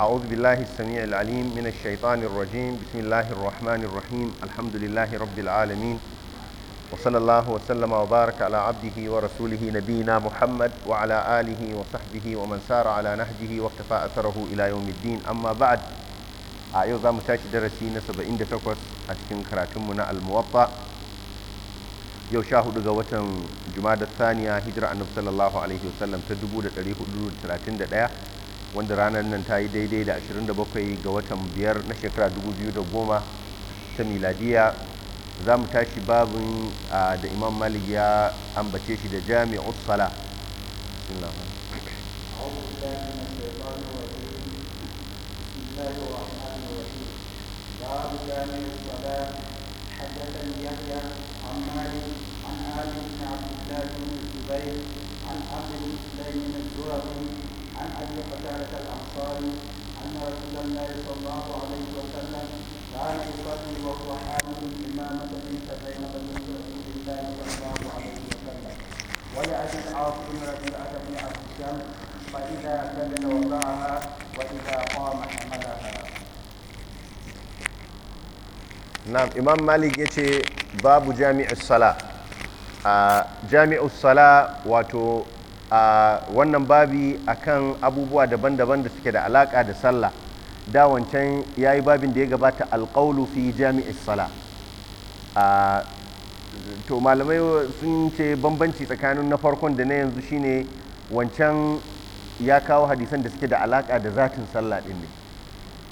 أعوذ بالله السميع العليم من الشيطان الرجيم بسم الله الرحمن الرحيم الحمد لله رب العالمين وصلى الله وسلم وبارك على عبده ورسوله نبينا محمد وعلى آله وصحبه ومن سار على نهجه واقتفى أثره إلى يوم الدين أما بعد أعيوزا متاشي درسي نسب إند تقوس أتكن كراتمنا الموطأ yau sha hudu ga watan jumada saniya hijira annabi sallallahu alaihi wasallam ta 1431 wanda ranar nan ta yi daidai da 27 ga watan 5 na shekara 2010 ta miladiya za mu tashi babin da imam malik ya ambace shi da jami'us sala باب جامع عن عبد الله بن الزهري عن ابي قتاده الانصاري ان رسول الله صلى الله عليه وسلم كان يصلي وهو حامل الامامه في سبعين بنت رسول الله صلى الله عليه وسلم ولابي العاص بن ربيعه بن عبد الشمس فاذا سلم وضعها واذا قام حملها نعم امام مالك يجي باب جامع الصلاه آه جامع الصلاه واتو a wannan babi akan abubuwa daban-daban da suke da alaka da sallah da wancan ya yi babin da ya gabata alƙaulu fi jami'is sala to malamai sun ce bambanci tsakanin na farkon da na yanzu shine wancan ya kawo hadisan da suke da alaka da zatin sallah din ne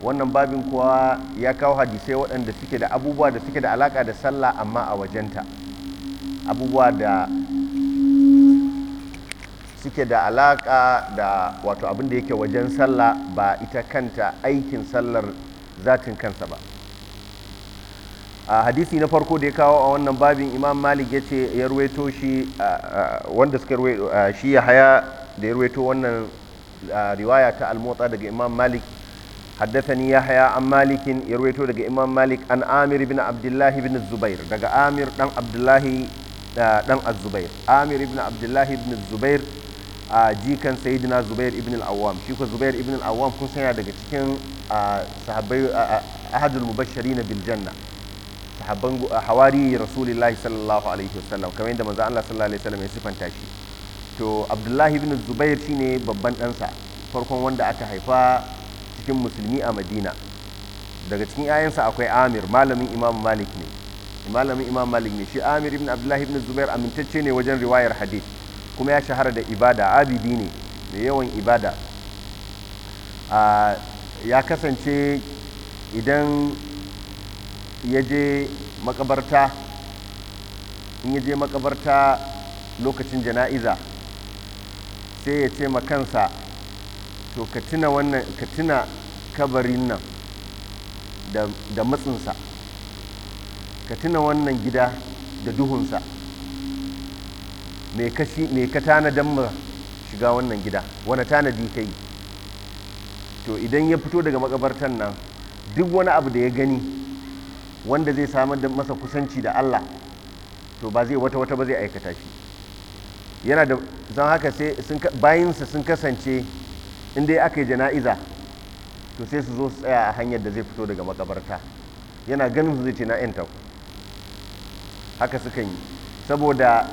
wannan babin kuwa ya kawo hadisai waɗanda suke da abubuwa da suke da alaka da sallah amma a wajenta abubuwa da suke da alaka da wato abin da yake wajen sallah ba ita kanta aikin sallar zatin kansa ba a hadisi na farko da ya kawo a wannan babin imam malik ya ce ya ruwaito shi wanda suka shi ya haya da ya ruwaito wannan riwaya ta almotsa daga imam malik حدثني ya haya an malikin دغ امام daga عن malik an Amir الله abdullahi الزبير zubair. Daga Amir dan abdullahi dan الزبير عامر Amir bin abdullahi bin zubair. a jikan sayidina zubair ibn al-awwam shi ko zubair ibn al-awwam kun sanya daga cikin sahabbai ahadul mubashirin bil janna sahabban hawari rasulullahi sallallahu alaihi wasallam kamar yadda manzo Allah sallallahu alaihi wasallam ya sifanta shi to abdullahi ibn zubair shine babban sa farkon wanda aka haifa cikin musulmi a madina daga cikin 'ayansa akwai amir malamin imam malik ne malamin imam malik ne shi amir ibn abdullahi ibn zubair amintacce ne wajen riwayar hadith kuma ya shahara da ibada abidi ne mai yawan ibada ya kasance idan ya je makabarta in ya je makabarta lokacin jana'iza sai ya ce makansa to ka tuna wannan ka tuna kabarin nan da matsinsa ka tuna wannan gida da duhunsa me ka shi me tanadan mu shiga wannan gida wani tanadi ka yi to idan ya fito daga makabartan nan duk wani abu da ya gani wanda zai samar da masa kusanci da Allah to ba zai wata wata ba zai aikata shi yana da zan haka sai bayinsa sun kasance in dai aka yi jana'iza to sai su zo su tsaya a hanyar da zai fito daga makabarta yana ganin su zai ce na 'yan haka sukan yi saboda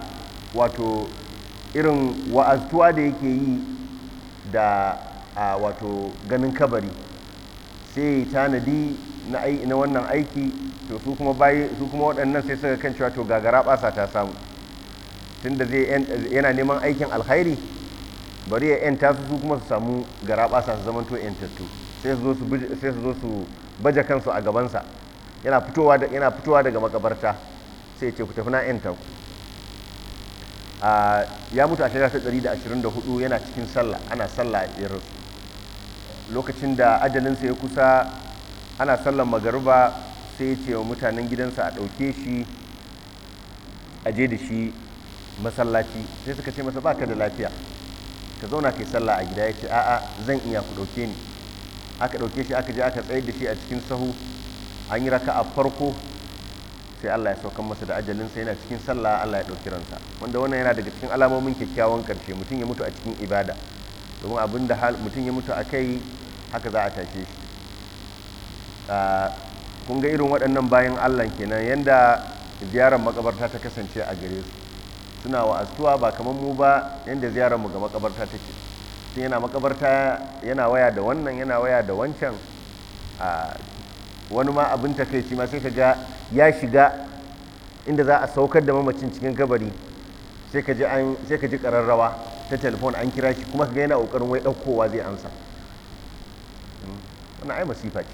wato irin wa'aztuwa da yake yi da a wato ganin kabari sai ya tanadi na wannan aiki to su kuma bayi su kuma waɗannan sai suka kan cewa to gagara ɓasa ta samu tun da zai yana neman aikin alkhairi bari ya yanta su su kuma su samu gara ɓasa su zamanto yantattu sai su zo su baje kansu a gabansa yana fitowa daga makabarta sai ce ku tafi na yanta ku ya mutu a shekara ta 124 yana cikin sallah ana sallah a irin lokacin da ajalinsa ya kusa ana sallar magariba sai ya ce wa mutanen gidansa a ɗauke shi a je da shi masallaci sai suka ce masa baka da lafiya ka zauna kai sallah a gida ya ce a'a zan iya ku ɗauke ni aka ɗauke shi aka je aka tsayar da shi a cikin sahu an yi raka a farko sai Allah ya saukan masa da ajalin sa yana cikin sallah Allah ya dauki ransa wanda wannan yana daga cikin alamomin kyakkyawan karshe mutum ya mutu a cikin ibada domin abin da mutum ya mutu a kai haka za a tashe shi kun ga irin waɗannan bayan Allah kenan yanda ziyarar makabarta ta kasance a gare su suna asuwa ba kamar mu ba yanda ziyarar mu ga makabarta take tun yana makabarta yana waya da wannan yana waya da wancan wani ma abin takaici ma sai ka ga ya shiga inda za a saukar da mamacin cikin kabari sai ka ji ƙararrawa ta telefon an kira shi kuma kaga yana ƙoƙarin wai ɗaukowa zai ansa wani ai masifa ce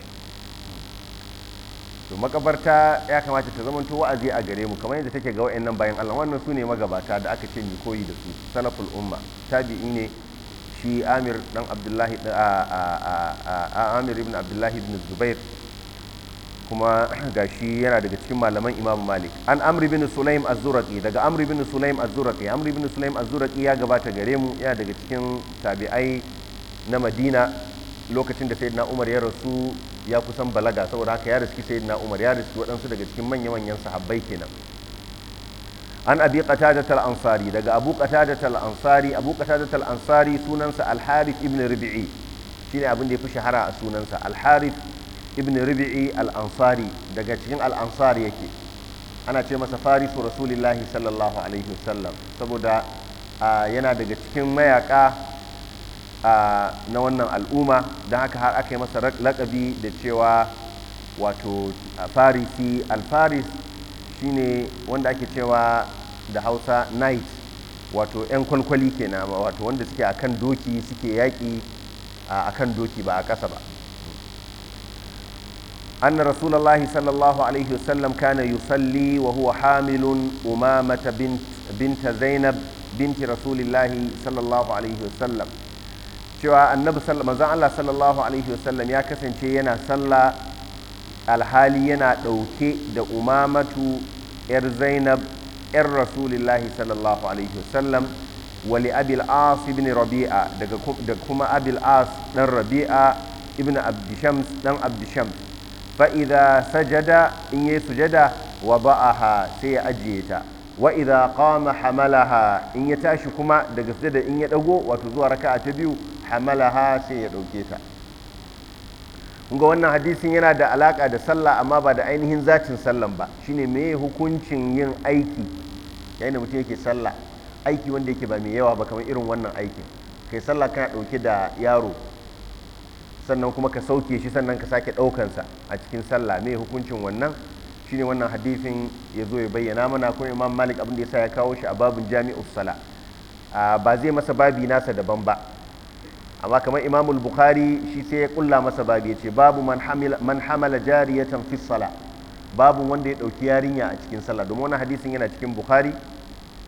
to makabarta ya kamata ta zama to wa'azi a gare mu kamar yadda take ga nan bayan Allah wannan su ne magabata da aka ce ni koyi da su sanaful umma tabi'i ne shi Amir dan Abdullahi ibn Abdullahi ibn Zubair kuma gashi yana daga cikin malaman imam malik an amri bin sulaim az-zuraqi daga amri bin sulaim az-zuraqi amri bin sulaim az-zuraqi ya gabata gare mu yana daga cikin tabi'ai na madina lokacin da sayyidina umar ya rasu ya kusan balaga saboda haka ya riski sayyidina umar ya riski waɗansu daga cikin manya-manyan sahabbai kenan an abi qatadat al-ansari daga abu qatadat al-ansari abu qatadat ansari sunansa al-harith ibn rubi'i shine abin da ya fi shahara a sunansa al-harith ibn rubi'i al-ansari daga cikin al'ansari yake ana ce masa farisu rasulillahi sallallahu alaihi wasallam saboda yana daga cikin mayaka na wannan al'umma don haka har aka yi masa lakabi da cewa wato farisi alfaris faris shine wanda ake cewa da hausa knight wato 'yan kwalkwali kenan wato wanda suke akan doki suke yaƙi a kan doki ba a ƙasa ba أن رسول الله صلى الله عليه وسلم كان يصلي وهو حامل أمامة بنت, بنت زينب بنت رسول الله صلى الله عليه وسلم cewa annabi manzon Allah sallallahu alaihi ya kasance yana sallah alhali yana ɗauke da umamatu yar zainab yar rasulillahi sallallahu alaihi wasallam wali abil as ibn rabi'a kuma abil as dan rabi'a ibn abdishams dan abdishams fa sajada in yayi sujada wa ba’aha sai ya ajiye ta wa idza hamalaha in ya tashi kuma daga sujada in ya dago wato zuwa raka'a ta biyu hamalaha sai ya dauke ta ga wannan hadisin yana da alaka da sallah amma ba da ainihin zatin sallan ba shine me hukuncin yin aiki yayin da mutum yake sallah aiki wanda yake ba mai yawa ba kamar irin wannan aikin kai sallah kana dauke da yaro sannan kuma ka sauke shi sannan ka sake ɗaukansa a cikin sallah mai hukuncin wannan shine wannan hadifin ya zo ya bayyana mana kuma imam malik abin da ya sa ya kawo shi a babin jami'us sala ba zai masa babi nasa daban ba amma kamar imamul bukhari shi sai ya kulla masa babi ya ce babu man hamala jariyatan fi sala babu wanda ya ɗauki yarinya a cikin sallah domin wannan hadisin yana cikin bukhari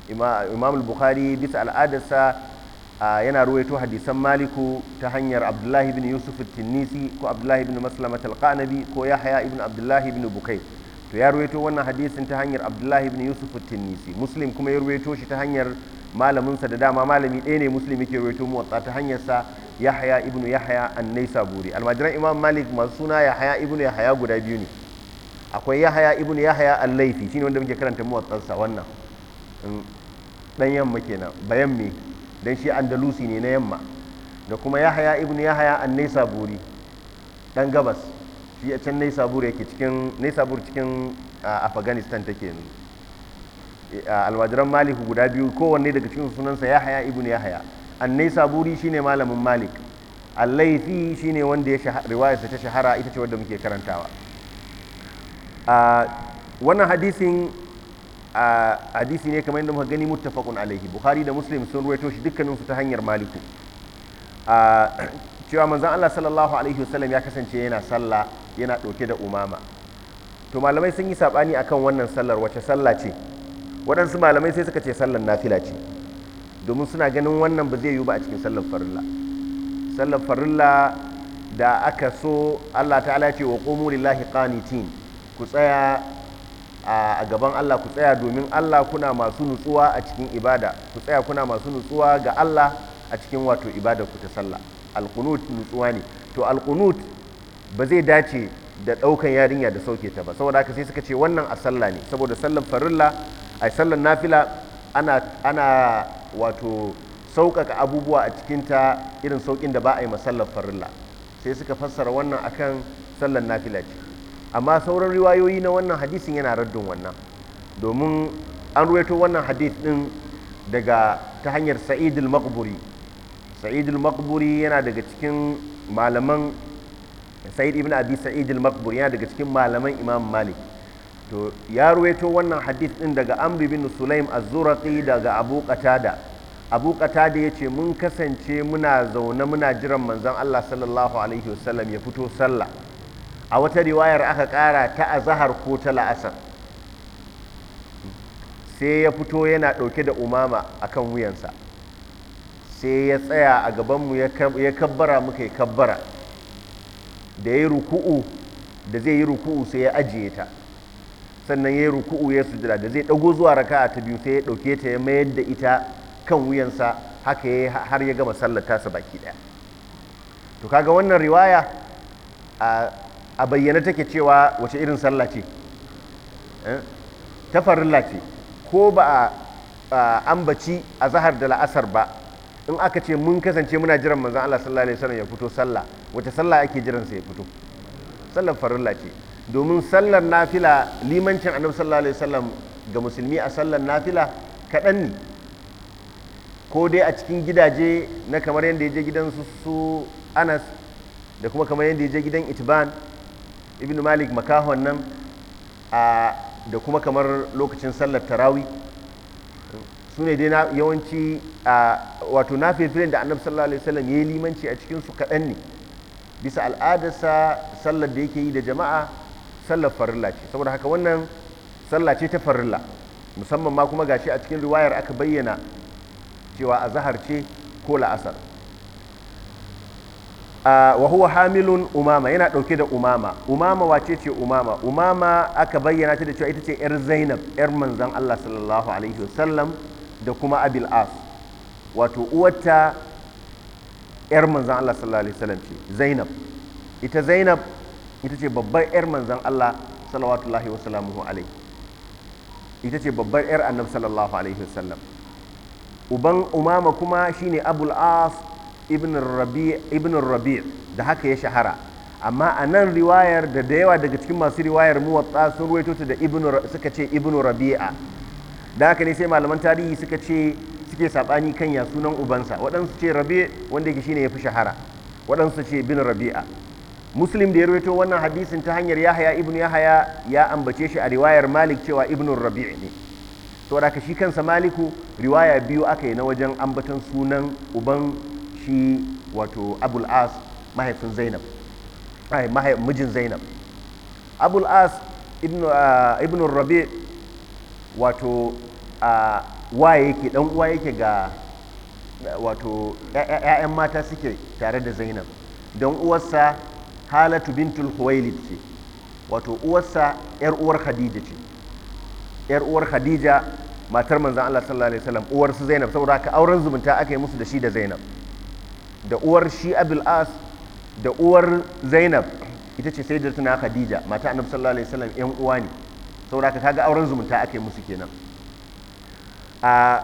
imamul bukhari bisa al'adarsa Ah, yana ruwaito hadisan maliku ta hanyar abdullahi bin yusuf tinnisi ko abdullahi bin maslamat talqanabi ko haya ibn abdullahi bin bukai to ya ruwaito wannan hadisin ta hanyar abdullahi bin yusuf tinnisi muslim kuma ya ruwaito shi ta hanyar malaminsa da dama malami ɗaya ne muslim yake ruwaito muwatta ta hanyar sa haya ibn haya an buri almajiran imam malik masu suna haya ibn haya guda biyu ne akwai yahaya ibn yahaya an laifi shine wanda muke karanta sa wannan dan mm, yamma kenan bayan me dan shi andalusi ne na yamma da kuma yahaya ibnu yahaya an naisaburi dan gabas shi a can naisabur yake cikin naisabur cikin afghanistan take yanzu alwajiran malik guda biyu kowanne daga cikin sunansa yahaya ibnu yahaya an naisaburi shine malamin malik allaifi shine wanda ya riwayarsa ta shahara ita ce wadda muke karantawa wannan hadisin a hadisi ne kamar yadda muka gani muttafaqun alaihi bukhari da muslim sun ruwaito shi dukkaninsu ta hanyar maliku a cewa manzon Allah sallallahu alaihi wasallam ya kasance yana sallah yana ɗauke da umama to malamai sun yi sabani akan wannan sallar wace sallah ce waɗansu malamai sai suka ce sallar nafila ce domin suna ganin wannan ba zai yiwu ba a cikin sallar farilla sallar farilla da aka so Allah ta'ala ce wa qumu lillahi qanitin ku tsaya a gaban Allah ku tsaya domin Allah kuna masu nutsuwa a cikin ibada ku tsaya kuna masu nutsuwa ga Allah a cikin wato ibada ku ta sallah alqunut nutsuwa ne to alqunut ba zai dace da daukan yarinya da sauke ta ba saboda haka sai suka ce wannan a sallah ne saboda sallan farilla a sallan nafila ana ana wato sauƙaƙa abubuwa a cikin ta irin saukin da ba a yi masallar farilla sai suka fassara wannan akan sallan nafila ce amma sauran riwayoyi na wannan hadisin yana raddin wannan domin an ruwaito wannan hadis din daga ta hanyar sa'id al-maqburi sa'id al-maqburi yana daga cikin malaman sa'id ibn abi sa'id al-maqburi yana daga cikin malaman imam malik to ya ruwaito wannan hadis din daga amr bin sulaim az-zuraqi daga abu qatada abu qatada yace mun kasance muna zaune muna jiran manzon Allah sallallahu alaihi wasallam ya fito sallah a wata riwayar aka kara ta azahar ko ta la'asar sai ya fito yana ɗauke da umama a kan wuyansa sai ya tsaya a gabanmu ya kabbara muka yi kabbara da ya yi ruku'u da zai yi ruku'u sai ya ajiye ta sannan ya yi ruku'u ya sujira da zai ɗago zuwa raka ta biyu sai ya ɗauke ta ya mayar da ita kan wuyansa haka ya har ya gama sallata su baki ɗaya to kaga wannan riwaya a a bayyana take cewa wace irin sallah ce eh? ta farilla ce ko ba a ambaci a zahar da la'asar ba in aka ce mun kasance muna jiran manzan Allah sallallahu alaihi wasallam ya fito sallah wace sallah ake jiran sa ya fito sallar farilla ce domin sallar nafila limancin annabi sallallahu alaihi wasallam ga musulmi a sallar nafila kaɗan ne ko dai a cikin gidaje na kamar yadda ya je gidan su anas da kuma kamar yadda ya je gidan itban ibn malik makahon nan da kuma kamar lokacin sallar tarawi su ne dai yawanci wato na filin da annabi sallallahu alaihi wasallam ya yi limanci a cikinsu kaɗan ne bisa al'adarsa sallar da yake yi da jama'a sallar farilla ce saboda haka wannan sallah ce ta farilla musamman ma kuma gashi a cikin riwayar aka bayyana cewa a zahar ce ko la'asar wa huwa hamilun umama yana dauke da umama umama wace ce umama umama aka bayyana ta da cewa ita ce yar zainab yar manzan Allah sallallahu alaihi wasallam da kuma abil as wato uwarta yar manzan Allah sallallahu alaihi wasallam ce zainab ita zainab ita ce babbar yar manzan Allah sallallahu alaihi alaihi ita ce babbar yar annab sallallahu alaihi wasallam uban umama kuma shine abul as ibn rabi' da haka ya shahara amma a nan riwayar da da yawa daga cikin masu riwayar muwatta sun ruwaito ta da suka ce ibn rabi'a da haka ne sai malaman tarihi suka ce suke sabani kan ya sunan ubansa waɗansu ce rabi wanda yake shine yafi shahara waɗansu ce bin rabi'a muslim da ya ruwaito wannan hadisin ta hanyar yahaya ibn yahaya ya ambace shi a riwayar malik cewa ibn rabi' ne to da shi kansa maliku riwaya biyu aka yi na wajen ambatan sunan uban shi wato abul as mahaifin zainab mijin zainab abul as ibn ah, rabi wato ah, waye yake dan uwa yake ga wato ‘ya'yan mata suke tare da zainab don uwarsa halatu bintul huwailid ce wato uwarsa ‘yar uwar khadija ce ‘yar uwar khadija matar manzan Allah sallallahu Alaihi wasallam uwarsu zainab saboda ka auren zumunta aka yi musu da shi da zainab da uwar shi abul as da uwar zainab ita ce sai na khadija mata annabi sallallahu alaihi wasallam yan uwa ne saboda ka kaga auren zumunta aka musu kenan a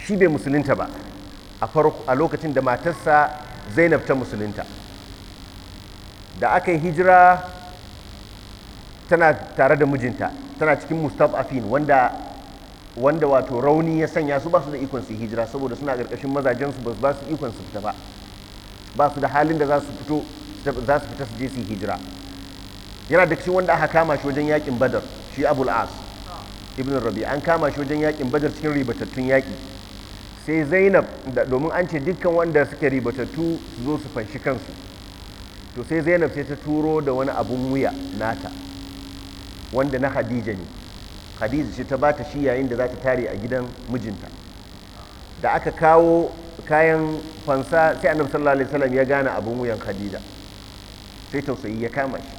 shi bai musulunta ba a farko a lokacin da matarsa zainab ta musulunta da aka yi hijira tana tare da mijinta tana cikin mustafafin wanda wanda wato rauni ya sanya su ba su da ikon su hijira saboda suna ƙarƙashin mazajensu ba su ba su ikon su fita ba ba su da halin da za su fito za su fita su je su hijira yana da cikin wanda aka kama shi wajen yakin badar shi abul as ibn rabi an kama shi wajen yakin badar cikin ribatattun yaki sai zainab domin an ce dukkan wanda suke ribatattu su zo su fanshi kansu to sai zainab sai ta turo da wani abun wuya nata wanda na khadija ne khadija ce ta bata shi yayin da za ta tare a gidan mijinta da aka kawo kayan fansa sai annabi sallallahu alaihi wasallam ya gane abun wuyan khadija sai tausayi ya kama shi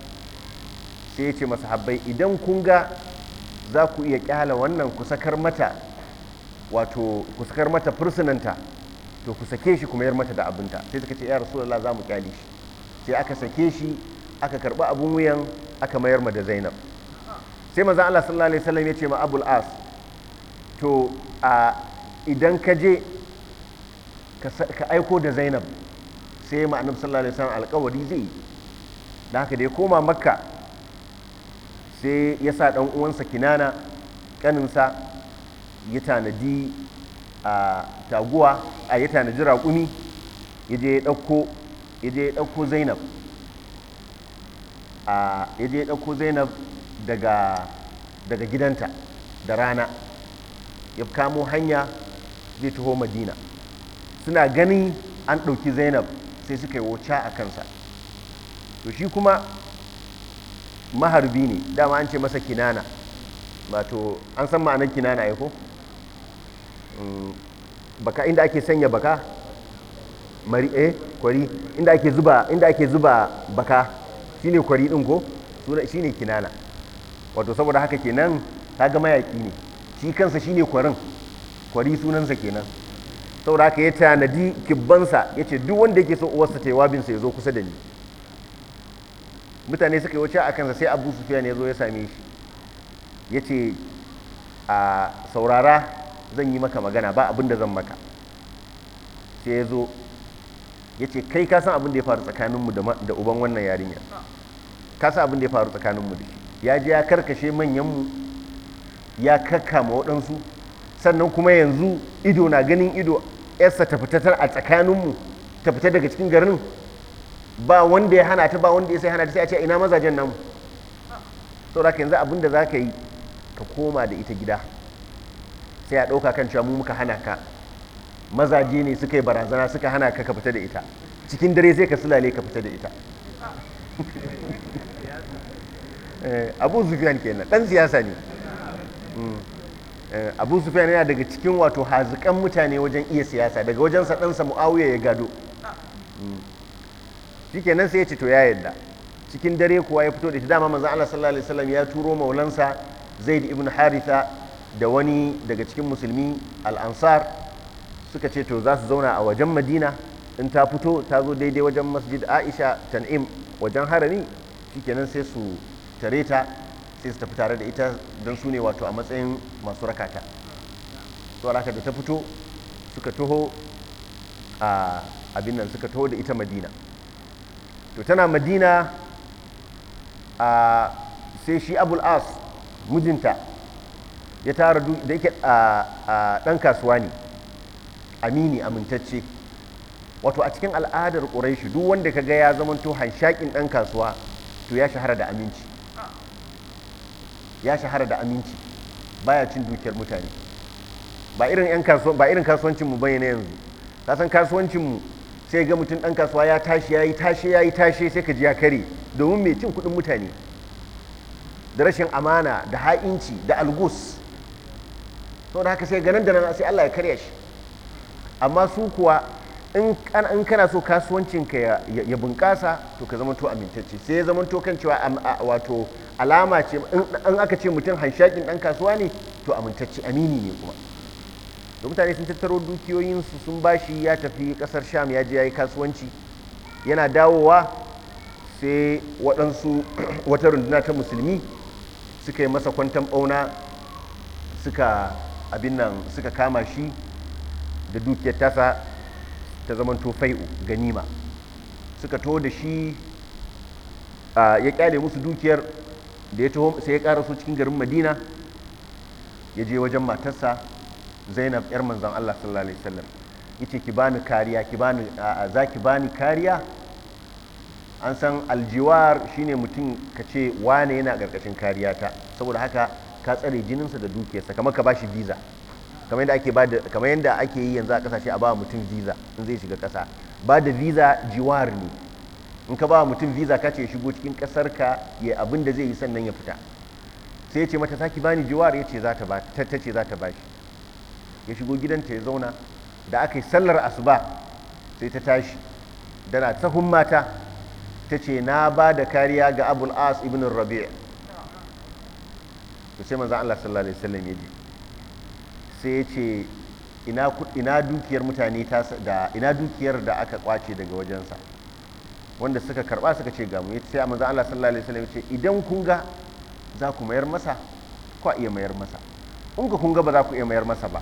sai ya ce masahabbai idan kun ga za ku iya kyala wannan ku sakar mata wato ku sakar mata fursunanta to ku sake shi kuma yar mata da abinta sai suka ce ya rasulullah za mu kyale shi sai aka sake shi aka karba abun wuyan aka mayar ma da zainab sai maza Allah sallallahu alaihi wasallam ya ce ma abul as to a idan ka je ka aiko da zainab sai ma annabi sallallahu alaihi wasallam alkawari zai yi da haka da ya koma makka sai ya sa ɗan uwansa kinana kaninsa ya tanadi a taguwa a ya tanadi raƙumi ya je ya ɗauko ya je ya ɗauko zainab a ya je ya ɗauko zainab daga daga gidanta da rana ya kamo hanya zai taho madina suna ganin an ɗauki zainab sai suka yi wuce a kansa to shi kuma maharbi ne dama an ce masa kinana wato an san ma'anar kinana ya ko mm, baka inda ake sanya baka mari eh kwari inda ake zuba inda ake zuba baka shine kwari din ko ne kinana wato saboda haka kenan ta ga mayaki ne shi kansa shine kwarin kwari sunansa kenan saboda haka ya tanadi kibbansa ya ce duk wanda yake so uwarsa ta yi wabinsa ya zo kusa da ni mutane suka yi wuce a kansa sai abu sufiya ne ya zo ya same shi ya ce a saurara zan yi maka magana ba abin da zan maka sai ya zo ya ce kai ka san abin da ya faru tsakaninmu da uban wannan yarinya ka san abin da ya faru tsakaninmu da shi ya ji ya karkashe manyanmu ya kakkama waɗansu sannan kuma yanzu ido na ganin ido yarsa ta fita a tsakaninmu ta fita daga cikin garin ba wanda ya hana ta ba wanda ya sai hana ta sai a ce ina mazajen namu saboda yanzu abin da za ka yi ka koma da ita gida sai a ɗauka kan cewa mu muka hana ka mazaje ne suka yi barazana suka hana ka ka fita da ita cikin dare sai ka sulale ka fita da ita eh, abu zufiyan kenan dan siyasa ne hmm. Eh, abu sufyan yana daga cikin wato hazikan mutane wajen iya siyasa daga wajen sa ɗansa mu'awiya ya gado hmm. nan sai ya ce to ya yadda cikin dare kuwa ya fito da ita dama manzon Allah sallallahu alaihi wasallam ya turo maulansa Zaid ibn Haritha da wani daga cikin musulmi al-Ansar suka ce to za su zauna a wajen Madina in ta fito ta zo daidai wajen Masjid Aisha Tan'im wajen harami shikenan sai su tare ta sai su tafi tare da ita don su ne wato a matsayin masu rakata to alaka da ta fito suka taho a abin nan suka taho da ita madina to tana madina a sai shi abul as mijinta ya tara da yake a ɗan kasuwa ne amini amintacce wato a cikin al'adar ƙuraishi duk wanda ka ga ya zamanto hanshakin ɗan kasuwa to ya shahara da aminci ya shahara da aminci baya cin dukiyar mutane ba irin kasuwancinmu ba irin kasuwancin yanzu ka san kasuwancin sai ga mutum dan kasuwa ya tashi yayi tashi yayi tashi sai ka ji ya kare domin mai cin kuɗin mutane da rashin amana da ha'inci da algus da haka sai ganin da nana sai Allah ya karya shi amma su kuwa in kana so kasuwancinka ya bunƙasa to ka to amintacce sai ya to kan cewa wato alama ce in aka ce mutum hanshakin dan kasuwa ne to amintacci amini ne kuma da mutane sun tattaro dukiyoyinsu sun bashi ya tafi kasar sham ya je ya yi kasuwanci yana dawowa sai waɗansu wata runduna ta musulmi suka yi masa kwantan ɓauna suka abin nan suka kama shi da dukiyar tasa ta zamanto fai'u ganima suka to da shi ya kyale musu dukiyar da ya taho sai ya karaso cikin garin madina ya je wajen matarsa zainab yar manzan allah sallallahu alaihi wasallam ce ki bani kariya ki bani za ki bani kariya an san aljiwar shine mutum ka ce wane yana ƙarƙashin kariya ta saboda haka ka tsare jininsa da dukiyarsa kamar ka bashi visa kamar yadda ake kamar yadda ake yi yanzu a kasashe a ba mutum visa in zai shiga kasa ba da visa jiwar ne in ka ba mutum visa ka ce shigo cikin kasar ka ya abin da zai yi sannan ya fita sai ya ce mata saki bani jiwar ya ce za ta ba ta ce shi ya shigo gidanta ya zauna da aka yi sallar asuba sai ta tashi na tsahun mata ta ce na ba da kariya ga abul as ibn rabi' to sai manzon Allah sallallahu alaihi wasallam ya ji sai ya ce ina dukiyar mutane ta da ina dukiyar da aka kwace daga wajensa wanda suka karba suka ce gamu ya sai manzo Allah sallallahu alaihi wasallam ce idan kun ga za ku mayar masa ku iya mayar masa in ka kun ba za ku iya mayar masa ba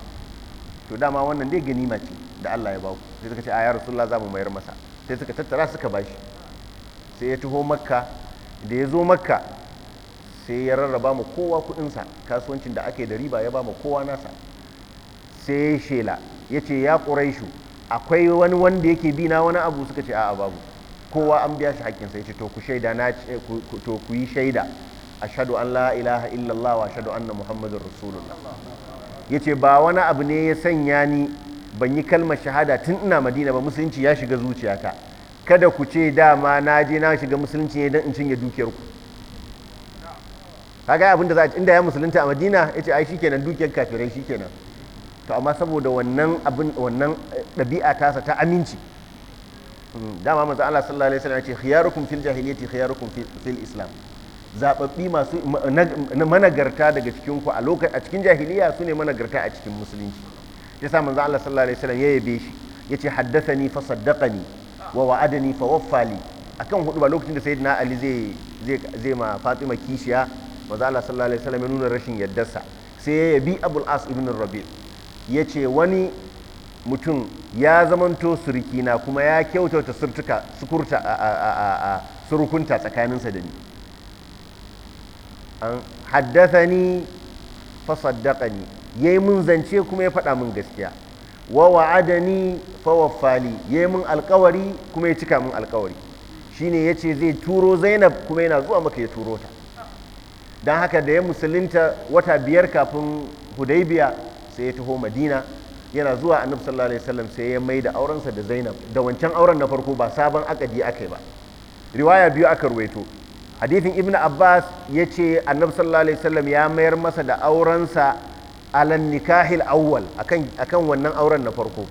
to dama wannan dai ganima mace da Allah ya baku sai suka ce a ya rasulullah za mu mayar masa sai suka tattara suka bashi sai ya taho makka da ya zo makka sai ya rarraba ma kowa kudinsa kasuwancin da ake da riba ya ba ma kowa nasa sai ya shela ya ce ya ƙuraishu akwai wani wanda yake bi na wani abu suka ce a'a babu kowa an biya shi haƙƙinsa ce to ku shaida na to ku yi shaida ashadu an la ilaha illallah wa ashhadu anna muhammadar rasulullah ce ba wani abu ne ya sanya ni ban yi kalmar shahada tun ina madina ba musulunci ya shiga zuciyata kada ku ce dama na je na shiga musulunci ne don in cinye dukiyar ku kaga abin da za a inda ya musulunta a madina ya ce ai shikenan dukiyar kafirai shikenan to amma saboda wannan abin wannan eh, ɗabi'a tasa ta aminci dama manzo Allah sallallahu alaihi wasallam ya ce khiyarukum fil jahiliyyati khiyarukum fil islam zababbi masu managarta daga cikin ku a lokacin a cikin jahiliya sune managarta a cikin musulunci yasa manzo Allah sallallahu alaihi wasallam ya yabe shi yace haddathani fa saddaqani wa wa'adani fa waffali akan hudu ba lokacin da sayyidina Ali zai zai zai ma Fatima kishiya manzo Allah sallallahu alaihi wasallam ya nuna rashin yaddarsa sai ya yabi Abul As ibn Rabi' yace wani mutum ya zamanto surkina kuma ya kyautata surtuka sukurta a surukunta tsakaninsa da ni an ni fa ya yi mun zance kuma ya faɗa mun gaskiya wa wa'ada ni fa ya yayi mun alkawari kuma ya cika mun alkawari alƙawari ya ce zai turo Zainab kuma yana zuwa maka ya turo ta dan haka da ya musulunta wata biyar kafin Hudaibiya sai ya taho Madina yana zuwa annabi sallallahu alaihi wasallam sai ya mai da aurensa da zainab da wancan auren na farko ba sabon akadi aka ba riwaya biyu aka ruwaito hadithin ibnu abbas ya ce annabi sallallahu alaihi wasallam ya mayar masa da aurensa alan nikahil awwal akan akan wannan auren na farko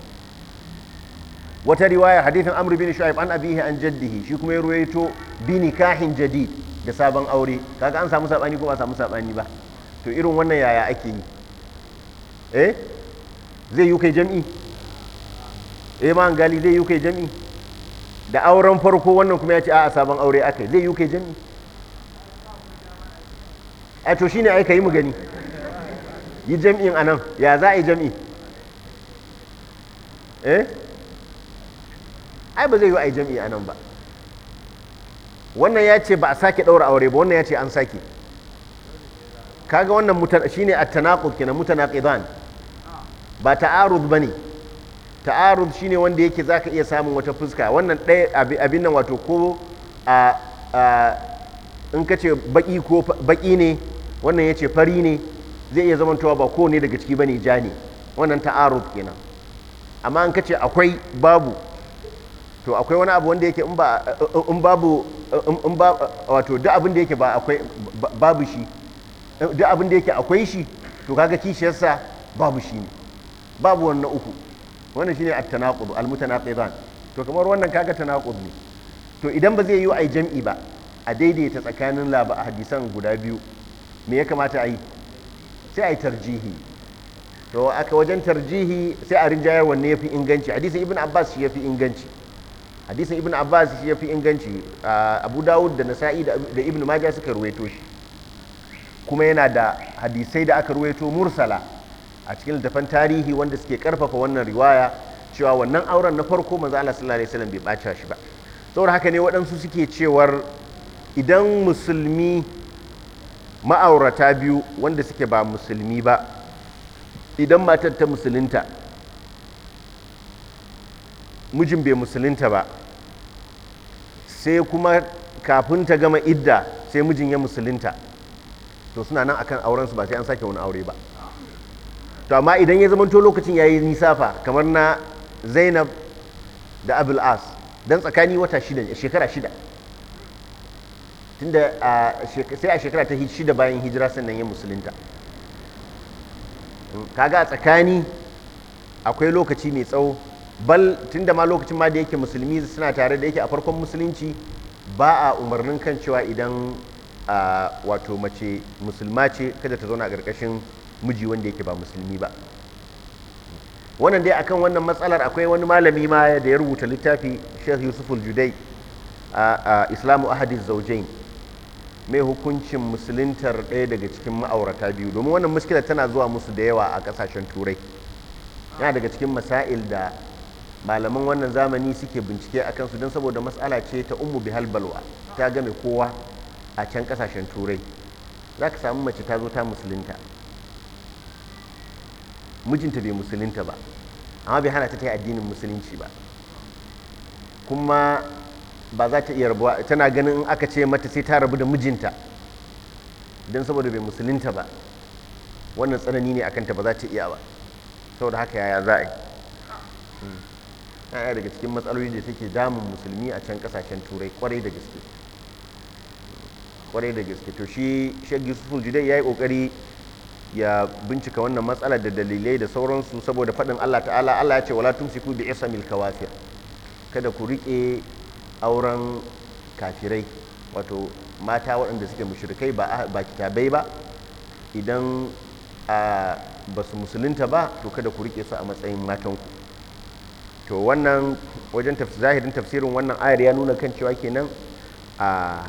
wata riwaya hadithin amr bin shu'aib an abihi an jaddihi shi kuma ya ruwaito bi nikahin jadid da sabon aure kaga an samu sabani ko ba samu sabani ba to irin wannan yaya ake yi eh zai yi kai jam'i eh ma gali zai yi kai jam'i da auren farko wannan kuma ya ce a sabon aure aka zai yi kai jam'i a to shine ne ka yi mu gani yi jam'in anan ya za a yi jam'i eh ai ba zai yi a yi jam'i anan ba wannan ya ce ba a sake ɗaura aure ba wannan ya ce an sake kaga wannan shine at-tanaqud kenan mutanaqidan ba ta'arud ba ne ta'arud shine wanda yake za ka iya samun wata fuska wannan ɗaya abin nan wato ko a in ka ce baƙi ko ne wannan ya ce fari ne zai iya zamantowa ba ko ne daga ciki ba ne ja ne wannan ta'arud kenan amma in ka ce akwai babu to akwai wani abu wanda yake in ba in babu in ba wato duk abin da yake ba akwai babu shi duk abin da yake akwai shi to kaga kishiyarsa babu shi ne babu wannan uku wannan shine at-tanaqud al-mutanaqidan to kamar wannan kaga tanaqud ne to idan ba zai yi ai jam'i ba a daidaita tsakanin laba hadisan guda biyu me ya kamata a yi sai a yi tarjihi to aka wajen tarjihi sai a rinjayar wanne ya fi inganci Hadisan ibn abbas shi ya fi inganci Hadisan ibn abbas shi ya fi inganci abu dawud da nasa'i da ibn majah suka ruwaito shi kuma yana da hadisai da aka ruwaito mursala a cikin littafan tarihi wanda suke karfafa wannan riwaya cewa wannan auren na farko maza Allah sallallahu alaihi wasallam bai bace shi ba saboda haka ne waɗansu suke cewar idan musulmi ma'aurata biyu wanda suke ba musulmi ba idan matar ta musulunta mijin bai musulunta ba sai kuma kafin ta gama idda sai mijin ya musulunta to suna nan akan aurensu ba sai an sake wani aure ba to amma idan ya zamanto lokacin ya yi nisa kamar na zainab da abul as don tsakani wata shida shekara shida tunda sai a shekara ta shida bayan hijira sannan ya musulunta kaga a tsakani akwai lokaci mai tsawo bal tunda ma lokacin ma da yake musulmi suna tare da yake a farkon musulunci ba a umarnin kan cewa idan wato mace musulma ce kada ta zauna a ƙarƙashin miji wanda yake ba musulmi ba wannan dai akan wannan matsalar akwai wani malami ma da ya rubuta littafi Sheikh Yusuf al-Judai a Islamu Ahadiz Zawjain mai hukuncin musuluntar ɗaya daga cikin ma'aurata biyu domin wannan muskila tana zuwa musu da yawa a ƙasashen turai yana daga cikin masail da malaman wannan zamani suke bincike a kansu don saboda matsala ce ta umu bihal balwa ta game kowa a can ƙasashen turai za ka samu mace ta zo ta musulunta mijinta bai musulunta ba amma bai hana ta ta yi addinin musulunci ba kuma ba za ta iya rabuwa tana ganin aka ce mata sai ta rabu da mijinta don saboda bai musulunta ba wannan tsanani ne akan ta ba za ta iya ba saboda haka yaya za a yi yaya daga cikin matsaloli da take damun musulmi a can kasashen turai kwarai da gaske kwarai da gaske to shi shek yusuf judai ya yi kokari ya bincika wannan matsalar da dalilai da sauransu saboda faɗin Allah ta'ala Allah ya ce wala tumsiku bi isamil kawafir kada ku rike auren kafirai wato mata waɗanda suke mushrikai ba ba kitabai ba idan a ba su musulunta ba to kada ku rike su a matsayin matanku to wannan wajen zahirin tafsirin wannan ayar ya nuna kan cewa kenan a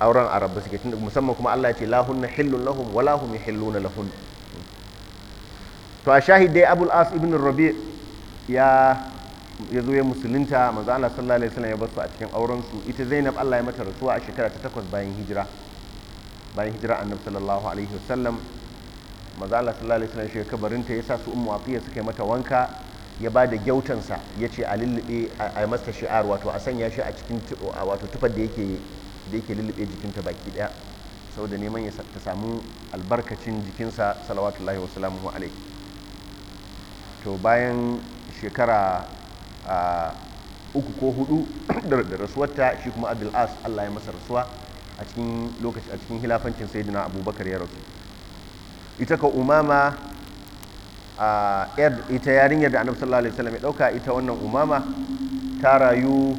auren arab suke tun musamman kuma Allah ya ce lahunna hillun lahum wa lahum yahilluna lahun to a shahid dai abul as ibn rabi ya ya zo ya musulunta manzo Allah sallallahu alaihi wasallam ya bar su a cikin auren su ita Zainab Allah ya mata rasuwa a shekara ta takwas bayan hijira bayan hijira annabi sallallahu alaihi wasallam manzo Allah sallallahu alaihi wasallam shi kabarin ta yasa su ummu afiya suka yi mata wanka ya ba da gyautansa ya ce a lullube a masa shi'ar wato a sanya shi a cikin wato tufar da yake da yake lullube jikinta baki daya saboda neman ya ta samu albarkacin jikinsa salawatu salawatullahi wasalamu alaihi to bayan shekara uku ko hudu da rasuwarta shi kuma abdul as allah ya masa rasuwa a cikin lokaci a cikin hilafancin sayyidina abubakar ya rasu ita ka umama ita yarinyar da annabi sallallahu alaihi wasallam ya dauka ita wannan umama ta rayu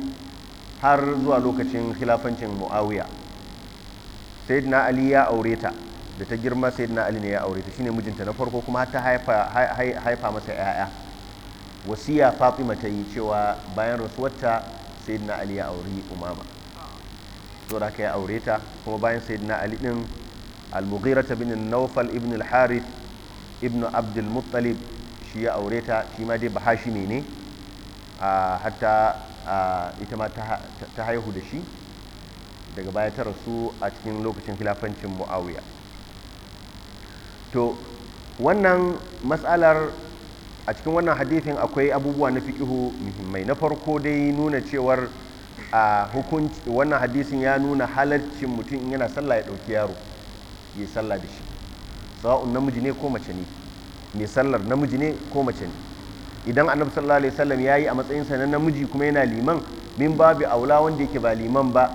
har zuwa lokacin khilafancin muawiya sayyidina ali ya aure ta da ta girma sayyidina ali ne ya aure ta shine mijinta na farko kuma ta haifa masa yaya wasiya fatima ta yi cewa bayan rasuwarta sayyidina ali ya auri umama to da ka ya aure ta kuma bayan sayyidina ali din al-mughira bin nawfal ibn al-harith ibn abdul muttalib shi ya aure ta shi ma dai bahashimi ne ah, hatta ita ma ta haihu da shi daga baya ta rasu a cikin lokacin hilafancin mu'awiya to wannan matsalar a cikin wannan hadithin akwai abubuwa na fikihu muhimmai na farko dai nuna cewar a hukunci wannan hadisin ya nuna halarcin mutum in yana sallah ya dauki yaro ya sallah da shi sawa'un namiji ne ko mace ne mai sallar namiji ne ko mace ne idan annabi sallallahu alaihi wasallam yayi a matsayin sa na namiji kuma yana liman min babu aula wanda yake ba liman ba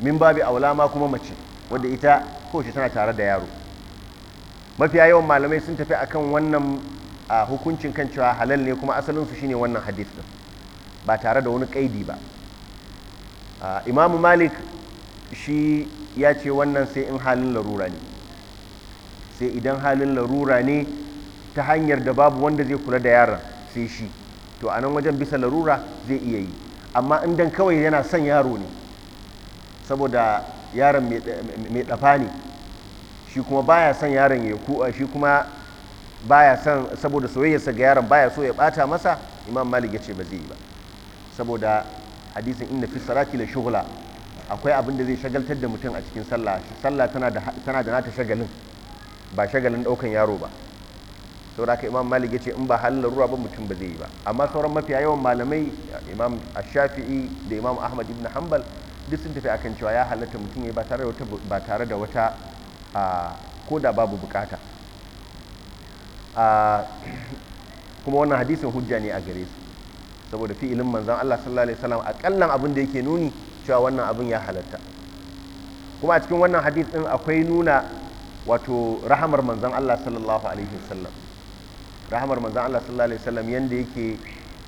min babu aula ma kuma mace wanda ita ko shi tana tare da yaro mafiya yawan malamai sun tafi akan wannan hukuncin kan cewa halal ne kuma asalin su shine wannan hadith din ba tare da wani kaidi ba imamu malik shi ya ce wannan sai in halin larura ne sai idan halin larura ne ta hanyar da babu wanda zai kula da yaron sai shi to anan wajen bisa larura zai iya yi amma in dan kawai yana son yaro ne saboda yaron mai dafa ne shi kuma baya son yaron ya kuwa shi kuma baya son saboda soyayyarsa ga yaron baya so ya bata masa imam malik ya ce ba zai yi ba saboda hadisin inda fi sarati la shughla akwai abin da zai shagaltar da mutum a cikin sallah sallah tana da nata shagalin ba shagalin ɗaukan yaro ba saboda haka imam malik ya ce in ba halin larura ba mutum ba zai yi ba amma sauran mafiya yawan malamai imam shafi'i da imam ahmad ibn hanbal duk sun tafi akan cewa ya halatta mutum ya ba tare da wata ba tare da wata ko da babu bukata kuma wannan hadisin hujja ne a gare su saboda ilin manzon Allah sallallahu alaihi wasallam akallan abin da yake nuni cewa wannan abin ya halatta kuma a cikin wannan hadis din akwai nuna wato rahamar manzon Allah sallallahu alaihi wasallam rahamar manzan Allah sallallahu alaihi wasallam yadda yake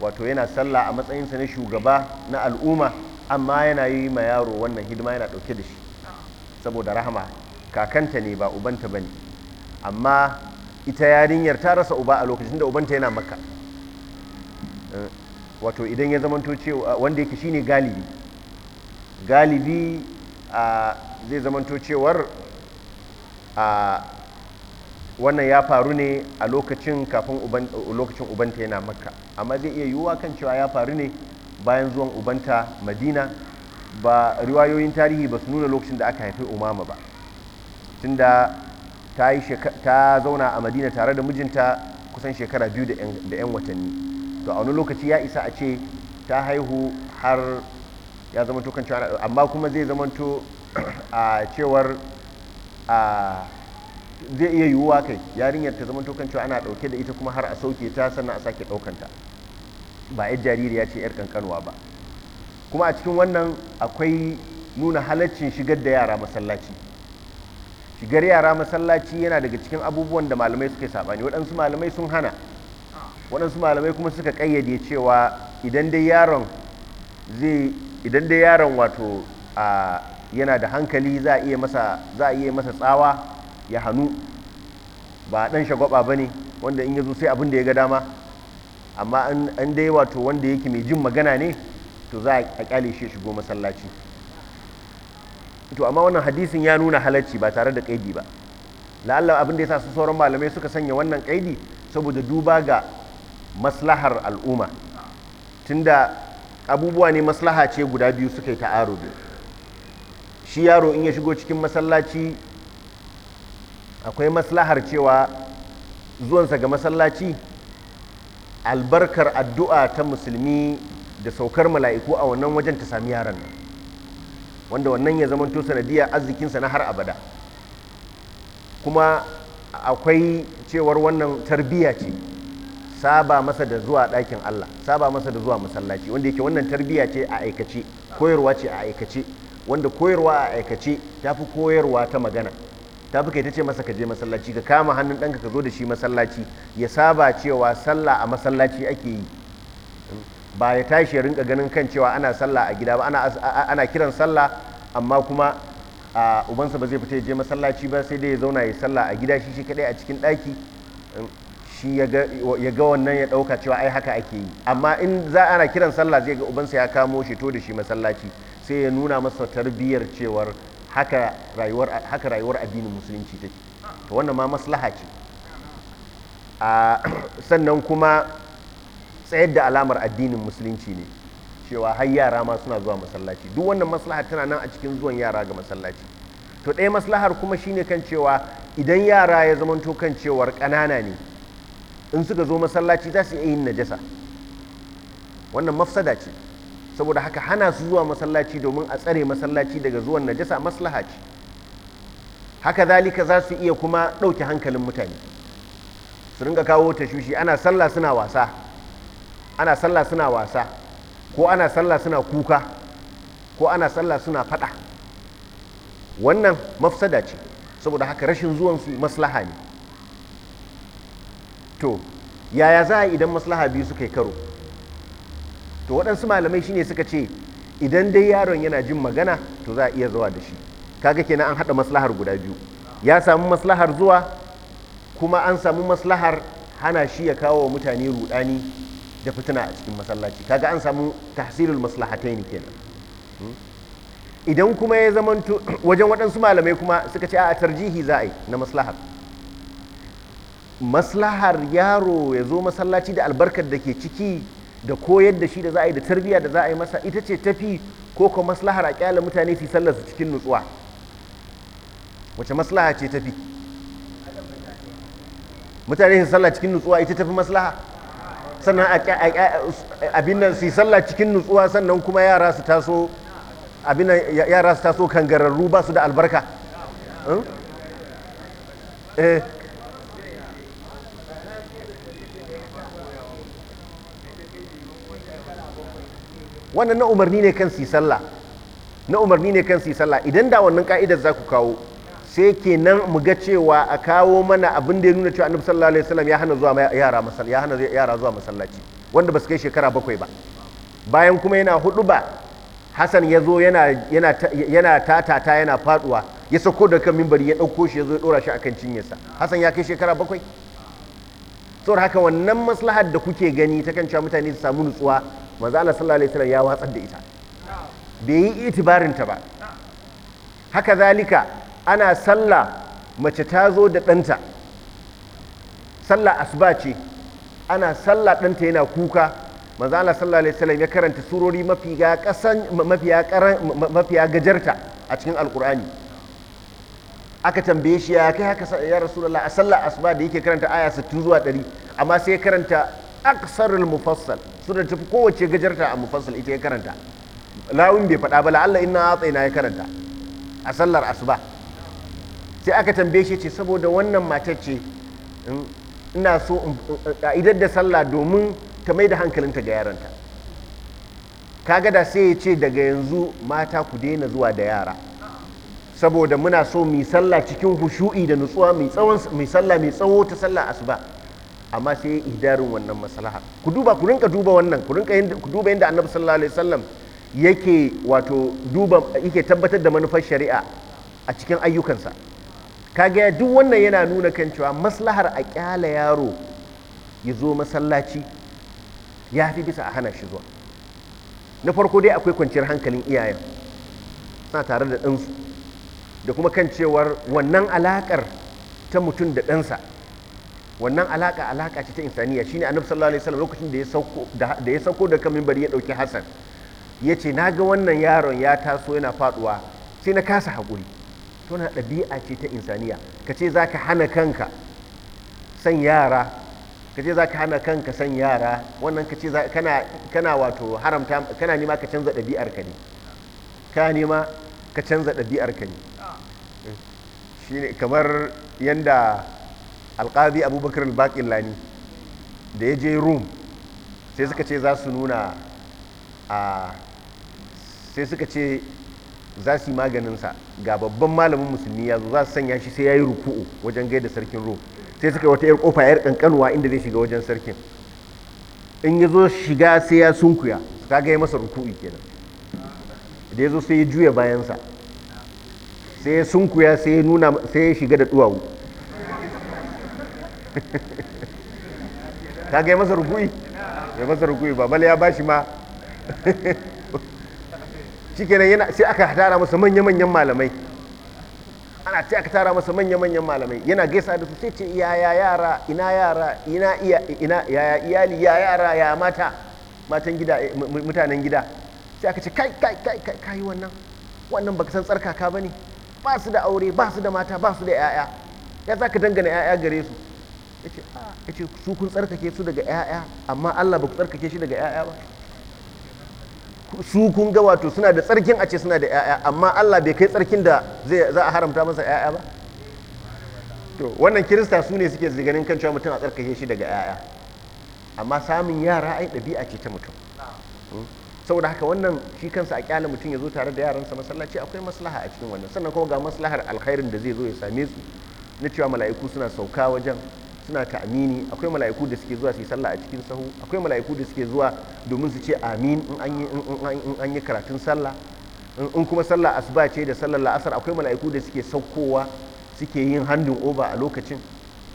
wato yana sallah a matsayinsa na shugaba na al'umma amma yana yi ma yaro wannan hidima yana ɗauke da shi saboda rahama kakanta ne ba ubanta ba ne amma ita yarinyar ta rasa uba a lokacin da ubanta yana maka eh, wato idan ya zamanto cewa wanda yake shine galibi galibi ah, zai zamanto cewar a ah, wannan ya faru ne a lokacin kafin lokacin ubanta yana makka amma zai iya yiwuwa kan cewa ya faru ne bayan zuwan ubanta madina ba riwayoyin tarihi ba su nuna lokacin da aka haifi umama ba tunda ta ta zauna a madina tare da mijinta kusan shekara biyu da 'yan watanni to a wani lokaci ya isa a ce ta haihu har ya zama to kan cewa amma kuma zai zama to a cewar a zai iya yiwuwa kai yarinyar ta zama tokan cewa ana dauke da ita kuma har a sauke ta sannan a sake ɗaukanta ba yar jaririya ce yar kankanuwa ba kuma a cikin wannan akwai nuna halaccin shigar da yara masallaci shigar yara masallaci yana daga cikin abubuwan da malamai suka sabani waɗansu malamai sun hana waɗansu malamai kuma suka ƙayyade cewa idan dai yaron yaron wato yana da hankali za a iya masa tsawa ya hannu ba ɗan shagwaba ba ne wanda in ya zo sai abin da ya ga dama amma an dai wato wanda yake mai jin magana ne to za a kyale shi shigo masallaci to amma wannan hadisin ya nuna halacci ba tare da kaidi ba la'alla abin da ya sa su sauran malamai suka sanya wannan kaidi saboda duba ga maslahar al'umma tunda abubuwa ne maslaha ce guda biyu suka yi ta'arubi shi yaro in ya shigo cikin masallaci akwai maslahar cewa zuwansa ga masallaci albarkar addu'a ta musulmi da saukar mala'iku a wannan wajen ta sami yaran nan wanda wannan ya zamanto sanadiyar arzikinsa na har abada kuma akwai cewar wannan tarbiyya ce saba masa da zuwa ɗakin Allah saba masa da zuwa masallaci wanda yake wannan tarbiyya ce a aikace koyarwa ce a aikace wanda koyarwa a aikace ta fi koyarwa ta magana ta fi kai ta ce masa ka je masallaci ka kama hannun ɗanka ka zo da shi masallaci ya saba cewa sallah a masallaci ake yi ba ya tashi ya rinka ganin kan cewa ana sallah a gida ba ana kiran sallah amma kuma a ubansa ba zai fita ya je masallaci ba sai dai ya zauna ya sallah a gida shi shi kadai a cikin ɗaki shi ya ga wannan ya ɗauka cewa ai haka ake yi amma in za ana kiran sallah zai ga ubansa ya kamo shi to da shi masallaci sai ya nuna masa tarbiyyar cewar haka rayuwar addinin musulunci take to wannan ma maslaha ce sannan kuma tsayar da alamar addinin musulunci ne cewa har yara ma suna zuwa masallaci duk wannan maslaha tana nan a cikin zuwan yara ga masallaci to ɗaya maslahar kuma shine kan cewa idan yara ya zamanto kan cewar ƙanana ne in suka zo masallaci za su iya yin najasa wannan mafsada ce saboda haka hana su zuwa masallaci domin a tsare masallaci daga zuwan najasa maslaha ce haka zalika za su iya kuma ɗauke hankalin mutane su ringa kawo ta shushi, ana sallah suna wasa ana sallah suna wasa ko ana sallah suna kuka ko ana sallah suna faɗa wannan mafsada ce saboda haka rashin zuwansu maslaha ne to yaya za a idan maslaha biyu suka yi karo to waɗansu malamai shine suka ce idan dai yaron yana jin magana to za a iya zuwa da shi kaga kenan an haɗa maslahar guda biyu ya samu maslahar zuwa kuma an samu maslahar hana shi ya kawo wa mutane rudani da fitina a cikin masallaci kaga an samu tahsilul ne kenan hmm? idan kuma ya zama wajen waɗansu malamai kuma suka ce a tarjihi za a yi na maslahar maslahar yaro ya zo masallaci da albarkar da ke ciki da koyar da shi da za a yi da tarbiyya da za a yi masa ita ce tafi ko ko maslahar a kyala mutane su sallar su cikin nutsuwa wace maslaha ce tafi mutane su sallar cikin nutsuwa ita tafi maslaha sannan abin nan su sallar cikin nutsuwa sannan kuma yara su taso abin yara su taso kangararru ba su da albarka hmm? eh wannan na umarni ne kan sisalla na umarni ne kan sisalla idan da wannan ka'idar za ku kawo sai kenan mu ga cewa a kawo mana abin da ya nuna cewa annabi sallallahu alaihi wasallam ya hana zuwa yara masallaci ya hana yara zuwa masallaci wanda ba su kai shekara bakwai ba bayan kuma yana hudu ba Hassan ya zo yana yana yana tatata yana faduwa ya sako da kan mimbari ya dauko shi ya zo ya dora shi akan sa. Hassan ya kai shekara bakwai saboda haka wannan maslahar da kuke gani ta kan cewa mutane su samu nutsuwa manzo Allah sallallahu alaihi wasallam ya watsar da ita bai yi itibarin ta ba haka zalika ana sallah mace ta zo da ɗanta sallah asuba ce ana sallah ɗanta yana kuka manzo Allah sallallahu alaihi wasallam ya karanta surori mafi ga kasan mafiya karan ya gajarta a cikin alqur'ani aka tambaye shi ya kai haka ya rasulullah a sallah asuba da yake karanta aya 60 zuwa 100 amma sai ya karanta aksarul mufassal suna tafi kowace gajarta a mufassal ita ya karanta lawun bai faɗa ba la'alla inna atsaina ya karanta a sallar asuba sai aka tambaye shi ce saboda wannan matar ce ina so a idar da sallah domin ta mai da hankalinta ga yaranta kaga da sai ya ce daga yanzu mata ku daina zuwa da yara saboda muna so mu sallah cikin hushu'i da nutsuwa mai sallah mai tsawo ta sallah asuba amma sai ya ihdarin wannan maslaha ku duba ku rinka duba wannan ku rinka ku duba yadda annabi sallallahu alaihi wasallam yake wato duba yake tabbatar da manufar shari'a a cikin ayyukansa kaga duk wannan yana nuna kan cewa maslahar a kyala yaro ya zo masallaci ya fi bisa a hana shi zuwa na farko dai akwai kwanciyar hankalin iyayen suna tare da ɗansu da kuma kan cewar wannan alaƙar ta mutum da ɗansa wannan alaka alaka ce ta insaniya shine annabi sallallahu alaihi wasallam lokacin da ya sauko da ya sauko daga minbari ya dauki hasan ya ce na ga wannan yaron ya taso yana faduwa sai na kasa hakuri to na ɗabi'a ce ta insaniya ka ce za ka hana kanka san yara ka ce za ka hana kanka san yara wannan ka ce kana wato haramta kana nema ka canza dabi'ar ka ne ka nema ka canza dabi'ar ka ne eh. kamar yanda alkazi abubakar al lani da ya je rum sai suka ce za su nuna a sai suka ce za su yi maganinsa ga babban malamin musulmi ya zo za su sanya shi sai ya yi ruku'u wajen gaida sarkin rum sai suka wata 'yar kofa 'yar kankanuwa inda zai shiga wajen sarkin in ya zo shiga sai ya sunkuya ta ga ya masa ruku'u kenan da ya zo sai ya juya bayansa sai ya sunkuya sai sai ya shiga da duwawu ka ga masa rukui ya masa rukui ba bala ya bashi ma shikenan yana sai aka tara masa manya-manyan malamai ana ce aka tara masa manya-manyan malamai yana gaisa da su sai ce yaya yara ina yara ina iya ina yaya iyali ya yara ya mata matan gida eh, mutanen gida sai aka ce kai kai kai kai kai wannan wannan baka san tsarkaka bane ba su da aure ba su da mata ba su da yaya ya zaka dangana yaya gare su ya ce su kun tsarkake su daga 'ya'ya amma Allah ba ku tsarkake shi daga 'ya'ya ba su kun ga wato suna da tsarkin a ce suna da 'ya'ya amma Allah bai kai tsarkin da za a haramta masa 'ya'ya ba to wannan kirista su ne suke ziganin kan cewa mutum a tsarkake shi daga 'ya'ya amma samun yara ai ɗabi'a ce ta mutum hmm? saboda haka wannan shi kansa a kyale mutum ya zo tare da yaransa masallaci akwai maslaha a cikin wannan sannan kuma ga maslahar alkhairin da zai zo ya same su na cewa mala'iku suna sauka wajen suna ta'amini akwai mala'iku da suke zuwa su yi sallah a cikin sahu akwai mala'iku da suke zuwa domin su ce amin in an yi karatun sallah in kuma sallah asuba ce da sallar la'asar akwai mala'iku da suke saukowa suke yin handin oba a lokacin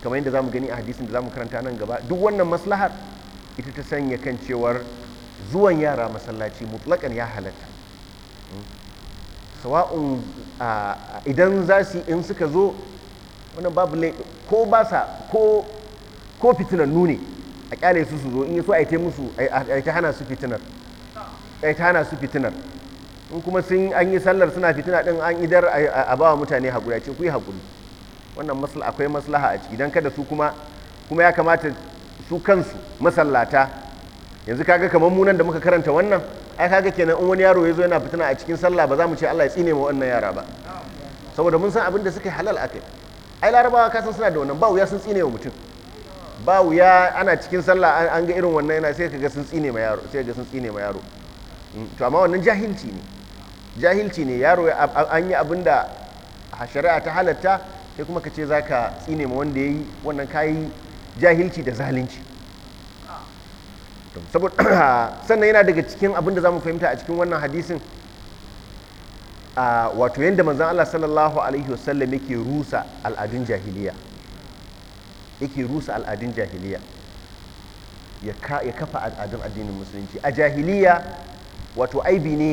kamar yadda zamu gani a hadisin da zamu karanta nan gaba duk wannan maslahar ita ta sanya kan cewar zuwan yara masallaci mutlakan ya halatta hmm. sawa'un idan za su in suka zo wannan babu ko ba sa ko ko fitinannu ne a kyale su su zo in yaso a ta musu a ta hana su fitinar a ta hana su fitinar in kuma sun an yi sallar suna fitina din an idar a bawa mutane haƙuri a ce ku yi haƙuri wannan maslaha akwai maslaha a ciki don kada su kuma kuma ya kamata su kansu masallata yanzu kaga kamar mu nan da muka karanta wannan ai kaga kenan in wani yaro ya zo yana fitina a cikin sallah ba za mu ce Allah ya tsine ma wannan yara ba saboda mun san abin da suka halal a kai. ai larabawa ka san suna da wannan ba wuya sun tsine wa mutum ba wuya ana cikin sallah an ga irin wannan yana sai ka ga sun tsine ma yaro sai ga sun tsine ma yaro mm, to amma wannan jahilci ne jahilci ne yaro an yi abin da shari'a ta halatta sai kuma ka ce za ka tsine ma wanda ya yi wannan kayi jahilci da zalunci sannan yana daga cikin abin da za mu fahimta a cikin wannan hadisin wato yadda manzan Allah sallallahu alaihi wasallam yake rusa al'adun jahiliya yake rusa al'adun jahiliya ya kafa al'adun addinin musulunci a jahiliya wato aibi ne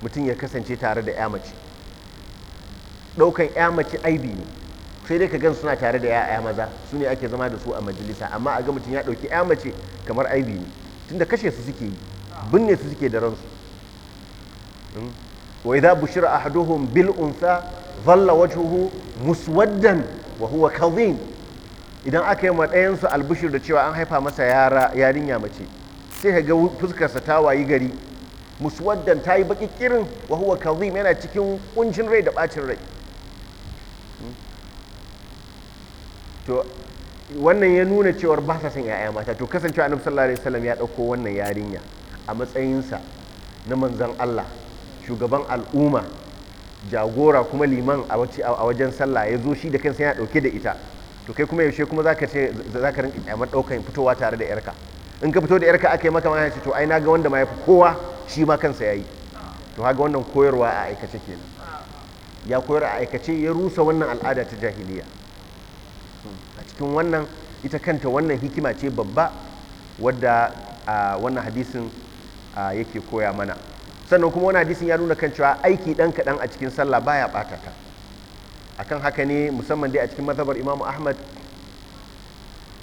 mutum ya kasance tare da ya mace ɗaukan ya mace aibi ne sai dai ka gan suna tare da ya'ya maza su ne ake zama da su a majalisa amma a ga mutum ya ɗauki ya mace kamar aibi ne tunda kashe su suke yi binne su suke da ransu hmm? Wai za bushira ahaduhum bil'unsa unsa dhalla wajhuhu muswaddan idan aka yi ma ɗayan su albushir da cewa an haifa masa yara yarinya mace sai ka ga fuskarsa ta wayi gari muswaddan ta yi baki kirin wa huwa yana cikin kuncin rai da bacin rai hmm? to wannan ya nuna cewar ba sa son ya'ya mata to kasancewa annabi sallallahu alaihi wasallam ya ɗauko wannan yarinya a matsayinsa na manzon Allah shugaban al'umma jagora kuma liman a wajen sallah ya zo shi da kansa yana dauke da ita to kai kuma yaushe kuma zaka ce zaka rinka kyamar daukan fitowa tare da yarka in ka fito da yarka aka yi maka magana ce to ai na wanda ma yafi kowa shi ma kansa yayi to haga wannan koyarwa a aikace kenan ya koyar a aikace ya rusa wannan al'ada ta jahiliya a cikin wannan ita kanta wannan hikima ce babba wadda ah, wannan hadisin ah, yake koya mana sannan kuma wani hadisin ya nuna kan cewa aiki dan kaɗan a cikin sallah baya bata ta akan haka ne musamman dai a cikin mazhabar imamu ahmad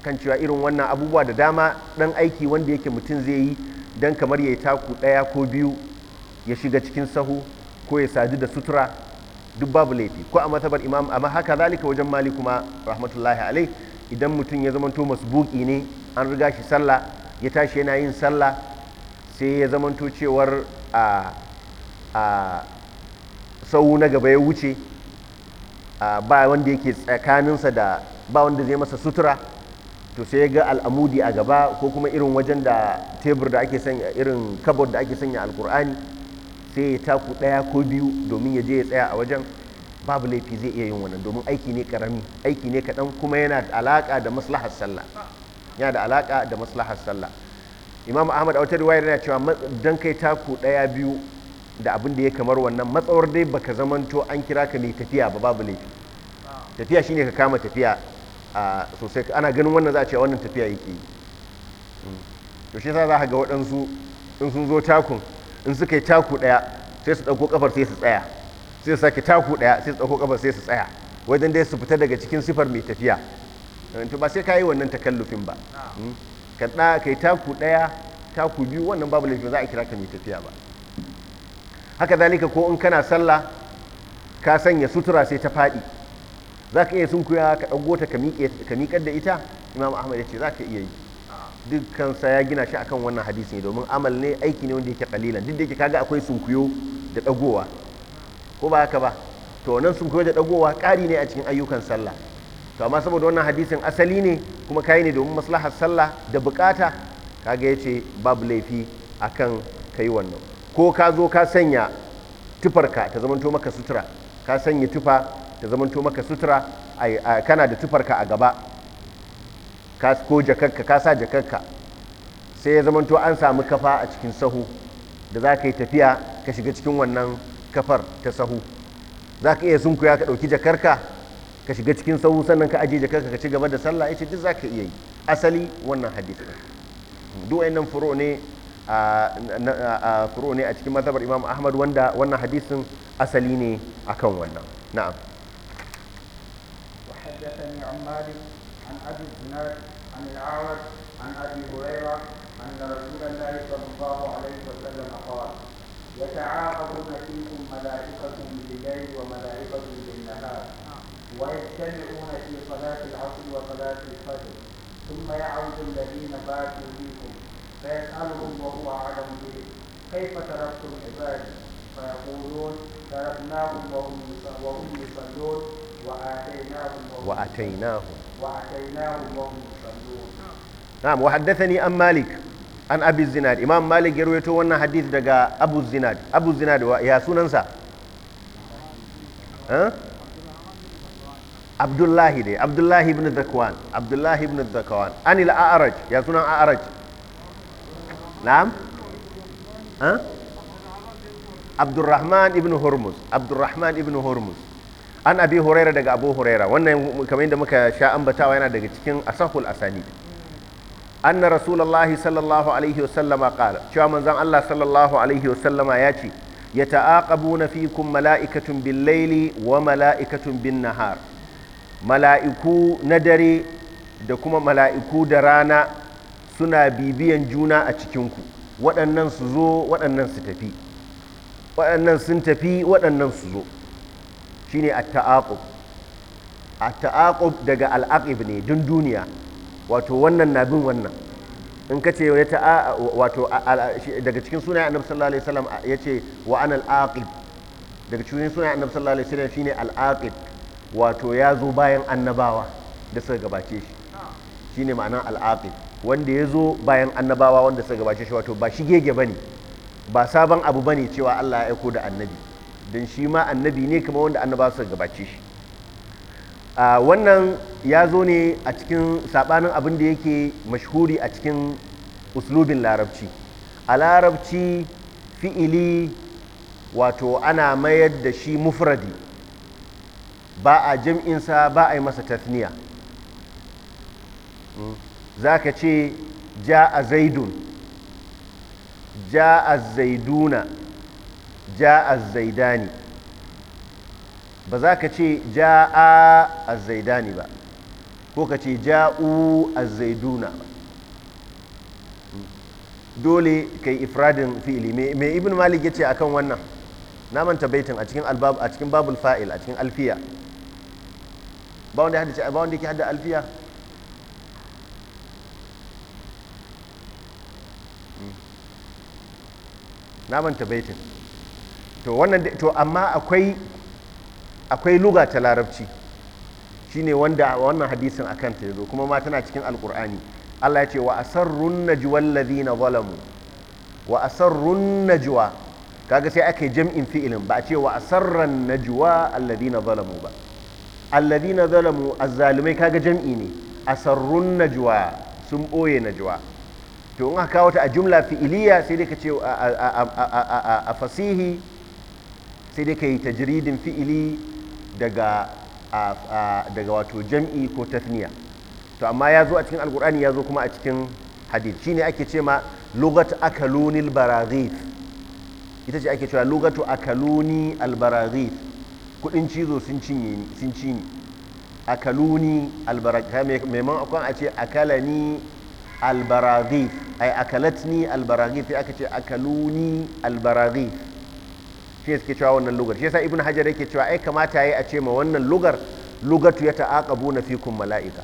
kan cewa irin wannan abubuwa da dama dan aiki wanda yake mutum zai yi dan kamar ya yi taku ɗaya ko biyu ya shiga cikin sahu ko ya sadu da sutura duk babu laifi ko a mazhabar imam amma haka zalika wajen mali kuma rahmatullahi alai idan mutum ya zamanto masbuki ne an riga shi sallah ya tashi yana yin sallah sai ya zamanto cewar a sau na gaba ya wuce ba wanda yake tsakaninsa da ba wanda zai masa sutura to sai ya ga al'amudi a gaba ko kuma irin wajen da tebur da ake sanya irin kabod da ake sanya alkur'ani sai ya taku ɗaya ko biyu domin ya je ya tsaya a wajen babu laifi zai iya yin wannan domin aiki ne karami aiki ne kaɗan kuma yana da alaƙa da maslahar yana da alaƙa da maslahar sallah imam ahmad a da riwayar yana cewa don kai taku daya biyu da abin da ya kamar wannan matsawar dai baka zamanto an kira ka mai tafiya ba babu laifi tafiya shine ka kama tafiya a sosai ana ganin wannan za a ce wannan tafiya yake yi hmm. to shi za ka ga waɗansu in sun zo takun in suka yi taku daya sai su ɗauko kafar sai su tsaya sai su sake taku daya sai su ɗauko kafar sai su tsaya wajen dai su fita daga cikin sifar mai tafiya to ba sai ka yi wannan takallufin ba ka yi kai taku daya taku biyu wannan babu laifin za a kira ka mai tafiya ba haka zalika ko in kana sallah ka sanya sutura sai ta faɗi za ka iya sunkuya ka ɗago ta ka miƙar da ita imam ahmad ya ce za ka iya yi dukkansa ya gina shi akan wannan hadisi ne domin amal ne aiki ne wanda yake kalilan duk da yake kaga akwai sunkuyo da ɗagowa ko ba haka ba to nan sunkuyo da ɗagowa ƙari ne a cikin ayyukan sallah to amma saboda wannan hadisin asali ne kuma kayi ne domin maslahar sallah da bukata kaga ce babu laifi a kan yi wannan ko ka zo ka sanya tufarka ta zamanto maka sutura ka sanya tufa ta zamanto maka sutura kana da tufarka a gaba ko jakarka ka sa jakarka sai ya zamanto an sami kafa a cikin sahu da za ka yi tafiya ka shiga cikin wannan kafar ta sahu za ka iya sunkuya ka ɗauki jakarka ka shiga cikin sahu sannan ka ajiye jaka ka ci gaba da sallah yace duk zaka iya yi asali wannan hadith duk wayannan furu ne a furo ne a cikin mazhabar Imam Ahmad wanda wannan hadisin asali ne akan wannan na'am وحدثني عن مالك عن ابي الزناد عن الاعرج عن ابي هريره ان رسول الله صلى الله عليه وسلم قال يتعاقبون فيكم ملائكه بالليل وملائكه بالنهار ويجتمعون في صلاة العصر وصلاة الفجر ثم يعود الذين باتوا فيكم فيسألهم وهو أعلم به كيف تركتم عبادي فيقولون تركناهم وهم وهم يصلون وآتيناهم وآتيناهم وآتيناهم وهم يصلون نعم وحدثني أم مالك عن أبي الزناد إمام مالك يرويته وانا حديث دقا أبو الزناد أبو الزناد يا سننسى ها أه؟ abdullahi dai abdullahi ibn zakwan abdullahi ibn zakwan anil a'raj ya sunan a'raj na'am ha abdurrahman ibn hurmuz abdurrahman ibn hurmuz an abi huraira daga abu huraira wannan kamar yadda muka sha ambatawa yana daga cikin asahul asani anna rasulullahi sallallahu alaihi wasallama qala cewa manzon Allah sallallahu alaihi wasallama ya ce yata'aqabuna fikum mala'ikatun bil-laili wa mala'ikatun bin-nahar mala'iku na dare da kuma mala'iku da rana suna bibiyan juna a cikinku waɗannan su zo waɗannan su tafi waɗannan sun tafi waɗannan su zo shi ne a ta'aƙub daga al'aƙib ne dun duniya wato wannan na bin wannan in ka ce ya ta'a wato daga cikin sunayen annabi sallallahu alaihi wasallam ya ce wa an al'aqib daga cikin sunayen annabi sallallahu alaihi wasallam shine al'aqib wato ya zo bayan annabawa da suka gabace shi shi ne ma'anar al'aqib wanda ya zo bayan annabawa wanda suka gabace shi wato ba shi gege ne ba sabon abu ba ne cewa Allah ya aiko da annabi don shi ma annabi ne kamar wanda annabawa suka gabace shi wannan ya zo ne a cikin sabanin abin da yake mashhuri a cikin uslubin larabci a larabci fi'ili wato ana mayar da shi mufradi ba a jam'insa ba a yi masa tafniya. Hmm? za ka ce ja a zaidun ja a zaiduna ja a zaidani ba za ka ce ja a zaidani ba ko ka ce ja u a zaiduna ba hmm? dole ka yi ifradin fi'ili mai ibn malik ya ce a kan wannan na manta baitin a cikin babul fa'il a cikin alfiya ba wanda ya ba wanda yake hadda alfiya hmm. na manta baitin to wannan to amma akwai akwai luga ta larabci shine wanda wannan hadisin akan ta yazo kuma ma tana cikin alqur'ani Allah ya ce wa asarrun najwa alladhina zalamu wa asarrun najwa kaga sai aka yi jam'in fi'ilin ba a ce wa asarran najwa alladhina zalamu ba alladhina zalamu azzalimai kaga jam'i ne asarrun najwa sun boye najwa to in aka kawo ta a jumla fi'iliya sai dai ka ce a fasihi sai dai ka yi tajridin fi'ili daga wato jam'i ko tafniya to amma ya zo a cikin alkur'ani ya zo kuma a cikin hadith shine ake ce ma lugat akalunil baraghif ita ce ake cewa lugatu akaluni albaraghif kudin cizo sun ci ni akaluni maimakon akwai a ce akalani albarazif ai akalatni albarazif ya aka ce kaluni albarazif shi ya suke cewa wannan lugar shi ya sa ibn hajar yake cewa ai kamata yi a ce ma wannan lugar lugatu ya ta'aqabu na fikum mala'ika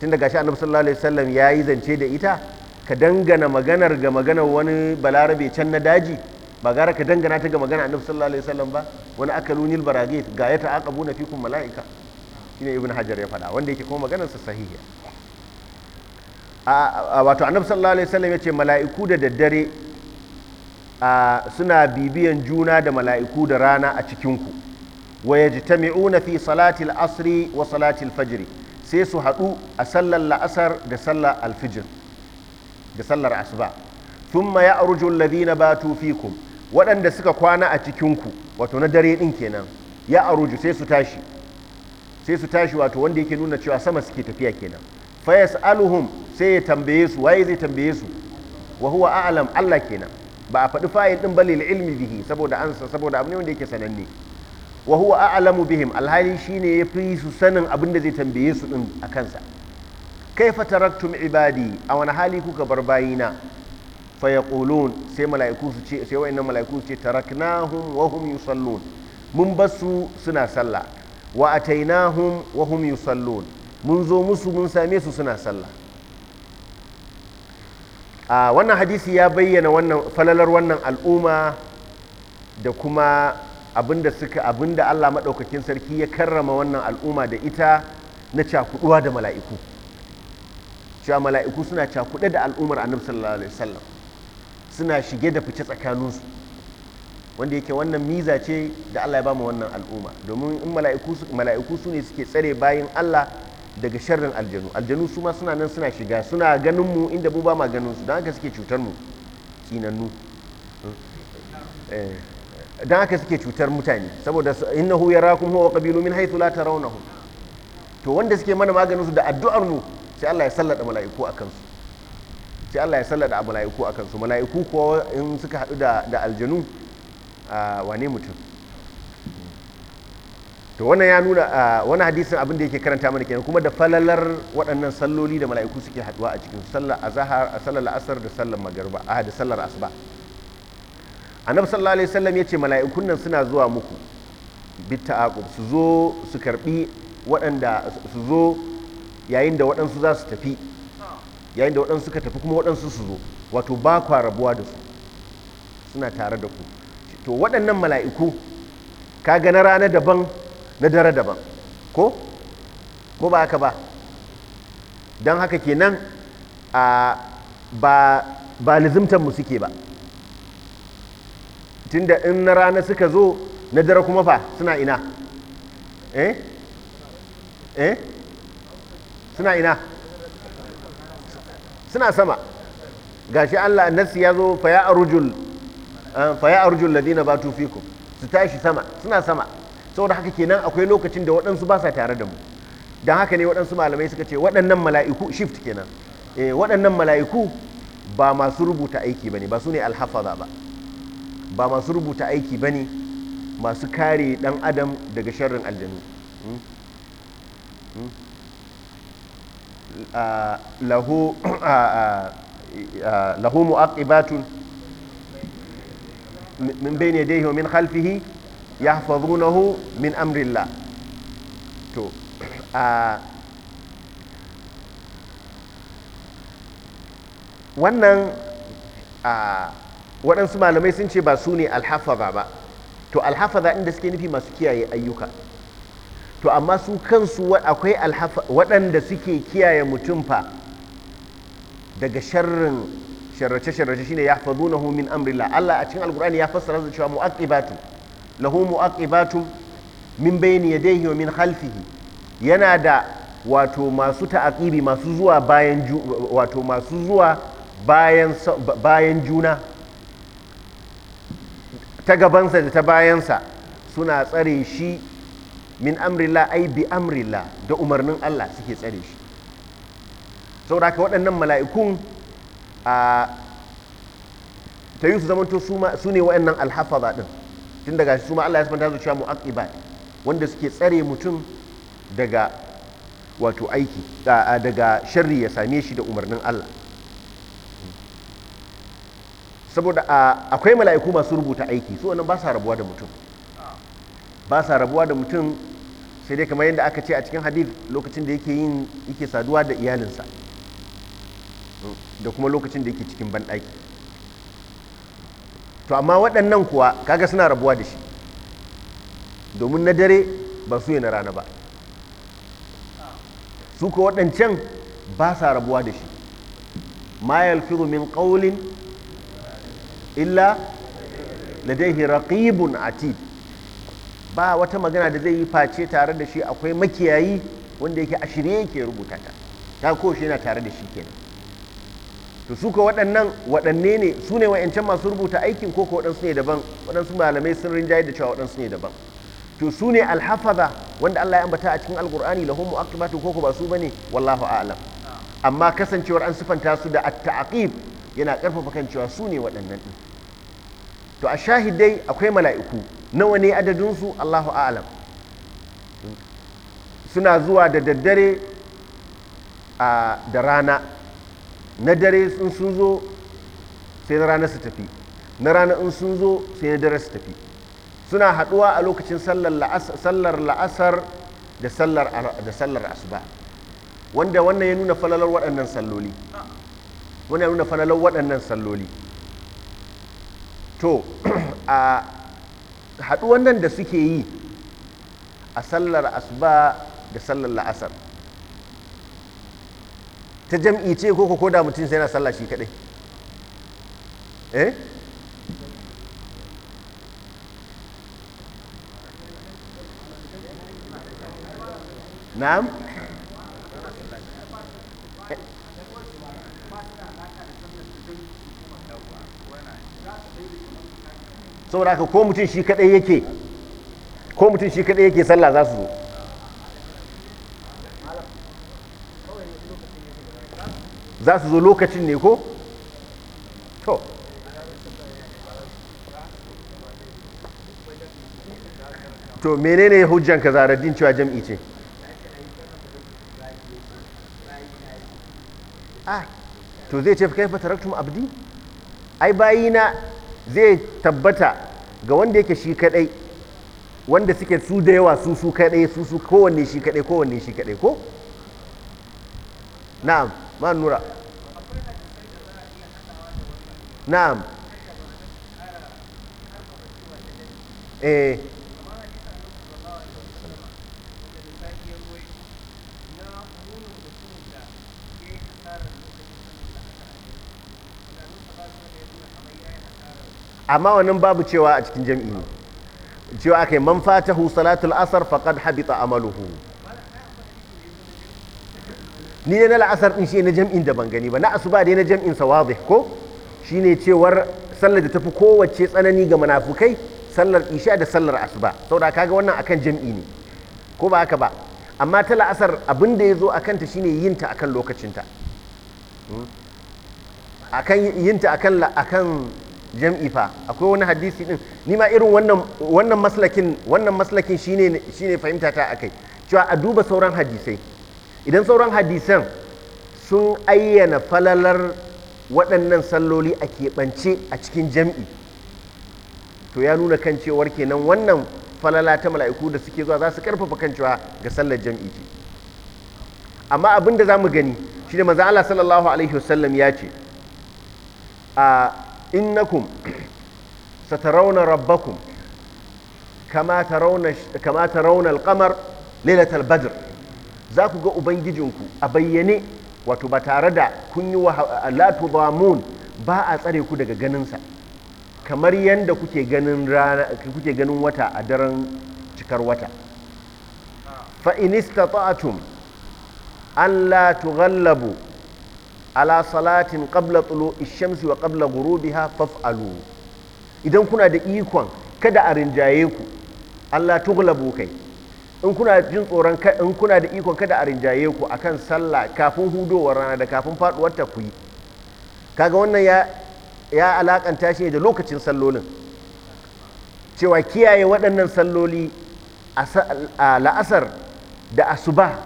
tun daga shi annabi sallallahu alaihi wasallam yi zance da ita ka dangana maganar ga maganar wani balarabe can na daji ba gara ka dangana ta ga magana annabi sallallahu alaihi wasallam ba wani akalunil baragit ga ya ta'aqabu na fikum malaika shine ibn hajar ya faɗa wanda yake kuma maganar sa sahiha a wato annabi sallallahu alaihi wasallam yace mala'iku da daddare suna bibiyan juna da mala'iku da rana a cikin ku wa yajtami'una fi salati al-asri wa salati al-fajr sai su haɗu a sallar la'asar da sallar al-fajr da sallar asuba ثم يأرج الذين باتوا فيكم waɗanda suka kwana a cikinku wato na dare ɗin kenan ya aruju sai su tashi sai su tashi wato wanda yake nuna cewa sama suke tafiya kenan fayas aluhum sai ya tambaye su waye zai tambaye su wa huwa a'lam Allah kenan ba a faɗi fa'il ɗin balil ilmi bihi saboda an saboda abu ne wanda yake sananne wa huwa a'lamu bihim alhali shine ya fi su sanin abin da zai tambaye su ɗin a kansa kaifa taraktum ibadi a wani hali kuka bar bayina fayaqulun sai mala'iku su ce sai wayannan mala'iku su ce taraknahum wa hum yusallun mun su suna sallah wa atainahum wa hum yusallun mun zo musu mun same su suna sallah a wannan hadisi ya bayyana wannan falalar wannan al'umma da kuma abinda suka abinda Allah madaukakin sarki ya karrama wannan al'umma da ita na cakuduwa da mala'iku cewa mala'iku suna cakuɗe da al'ummar annabi sallallahu alaihi wasallam suna shige da fice tsakaninsu wanda yake wannan miza ce da Allah ya bamu wannan al'umma domin in mala'iku su ne suke tsare bayan Allah daga sharrin aljanu aljanu su ma suna nan suna shiga suna ganin mu inda mu ba ma ganin su don haka suke cutar mu tsinannu eh, don haka suke cutar mutane saboda innahu yarakum huwa qabilu min haythu la tarawnahum to wanda suke mana maganin su da addu'ar mu sai Allah ya sallada mala'iku akan su sai Allah ya sallada abu mala'iku a su mala'iku ko in suka haɗu da aljanu wane mutum to wannan ya nuna wani hadisun abinda da yake karanta mana kenan kuma da falalar waɗannan salloli da mala'iku suke haɗuwa a cikin sallar a sallar asar da sallar magarba a da sallar asuba annabi sallallahu alaihi wasallam yace mala'ikun nan suna zuwa muku bitta'aqub su zo su karbi waɗanda su zo yayin da waɗansu za su tafi yayin da waɗansu suka tafi kuma waɗansu su zo wato ba kwa rabuwa da su suna tare da ku to waɗannan mala'iku kaga na rana daban na dare daban ko ko ba haka ba don haka kenan a ba ba mu suke ba tunda in na rana suka zo na dare kuma fa suna ina eh eh suna ina suna sama gashi Allah nasi ya zo fa ya arjul eh, fa ladina ba tu fiku su tashi sama suna sama saboda haka kenan akwai lokacin da waɗansu ba sa tare da mu don haka ne waɗansu malamai suka ce waɗannan mala'iku shift kenan eh waɗannan mala'iku ba masu rubuta aiki bane ba su ne alhafaza ba ba masu rubuta aiki bane masu kare ɗan adam daga sharrin aljanu hmm? Hmm? lahu ah, ah, ah, wannan waɗansu malamai sun ce ba su ne alhafaza ba to alhafaza inda suke nufi masu kiyaye ayyuka to amma su kansu akwai alhafa. waɗanda suke kiyaye mutum fa daga sharrin sharrace-sharrace shine ya fazu na min amrila Allah a cikin alkur'ani ya fassara da cewa mu'aqibatu lahu mu'aqibatu min bayni yadayhi wa min khalfihi yana da wato masu ta'aqibi masu zuwa bayan wato masu zuwa bayan bayan juna ta gabansa da ta bayansa suna tsare shi min la ai bi la da umarnin Allah suke tsare shi saboda haka waɗannan mala'ikun a ta yi su zamanto su ne waɗannan ba ɗin tun daga su ma Allah ya sabanta zuciya mu mu'aqibat wanda suke tsare mutum daga wato aiki daga sharri ya same shi da umarnin Allah saboda akwai mala'iku masu rubuta aiki su wannan ba su rabuwa da mutum ba sa rabuwa da mutum sai dai kamar yadda aka ce a cikin hadith lokacin da yake yin yake saduwa da iyalinsa da kuma lokacin da yake cikin banɗaki to amma waɗannan kuwa kaga suna rabuwa da shi domin na dare ba su yi na rana ba su ko waɗancan ba sa rabuwa da shi ma yalfiru min ƙaulin illa ladaihi raqibun atid ba wata magana da zai yi face tare da shi akwai makiyayi wanda yake a shirye yake rubuta ta ta ko shi yana tare da shi kenan to su ka waɗannan waɗanne ne su ne wa'ancan masu rubuta aikin ko ko waɗansu ne daban waɗansu malamai sun rinjaye da cewa waɗansu ne daban to su ne alhafaza wanda Allah ya ambata a cikin alqur'ani lahum mu'aqibatu ko ko ba su bane wallahu a'lam amma kasancewar an sifanta su da at-ta'qib yana karfafa kan cewa su ne waɗannan din to a shahidai akwai mala'iku nawa ne adadinsu allahu alam suna zuwa da daddare a da rana na dare in sun zo sai na rana su tafi na rana in sun zo sai na dare su tafi suna haɗuwa a lokacin sallar la'asar da sallar asuba wanda wannan ya nuna falalar waɗannan salloli wannan ya nuna falalar waɗannan salloli to a haɗu wannan da suke yi a sallar asuba da sallar la'asar ta jam'i ce ko ko da mutum sai na sallah shi kaɗai eh saboda haka ko mutum shi kadai yake ko mutum shi kadai yake sallah za su zo za su zo lokacin ne ko to to menene hujjanka zaraddin cewa jam'i ce ah to zai ce kai fa taraktum abdi ai bayina zai tabbata ga wanda yake shi kadai wanda suke su da yawa su su kadai su su kowanne shi kadai kowanne shi kadai ko na'am ma nura na'am eh amma wannan babu cewa a cikin jam'i cewa aka yi manfata hu salatul asar faqad habita amaluhu ni ne na la'asar din shi ne jami'in da ban gani ba na asuba dai na jami'in sa wadih ko shine cewar sallar da tafi kowace tsanani ga munafukai sallar isha da sallar asuba saboda kaga wannan akan jami'i ne ko ba haka ba amma ta la'asar abin da ya zo a kanta shine yin ta akan lokacinta hmm? akan yin akan jam'i fa akwai wani hadisi din ni ma irin wannan wannan maslakin wannan maslakin shine shine fahimta ta akai cewa a duba sauran hadisai idan sauran hadisan sun ayyana falalar waɗannan salloli a keɓance a cikin jam'i to ya nuna kan cewar kenan wannan falala ta mala'iku da suke zuwa za su karfafa kan cewa ga sallar jam'i ce amma abin da za mu gani shi ne manzo Allah sallallahu alaihi wasallam ya ce a innakum satarauna rabbakum kama tarawna kama tarawna badr za ku ga ubangijinku a bayyane wato ba tare da kun yi la ba a tsare ku daga ganinsa kamar yadda kuke ganin wata a daren cikar wata fa'inista ta'atun an latu gallabu ala salatin qabla tulu Ishamsi wa qabla ghurubiha faf'alu idan kuna da ikon kada a rinjaye ku Allah tughlabu kai in kuna jin tsoron in kuna da ikon kada a rinjaye ku akan sallah kafin hudowar rana da kafin faduwar ta ku kaga wannan ya ya alakanta shi da lokacin sallolin cewa kiyaye waɗannan salloli a la'asar da asuba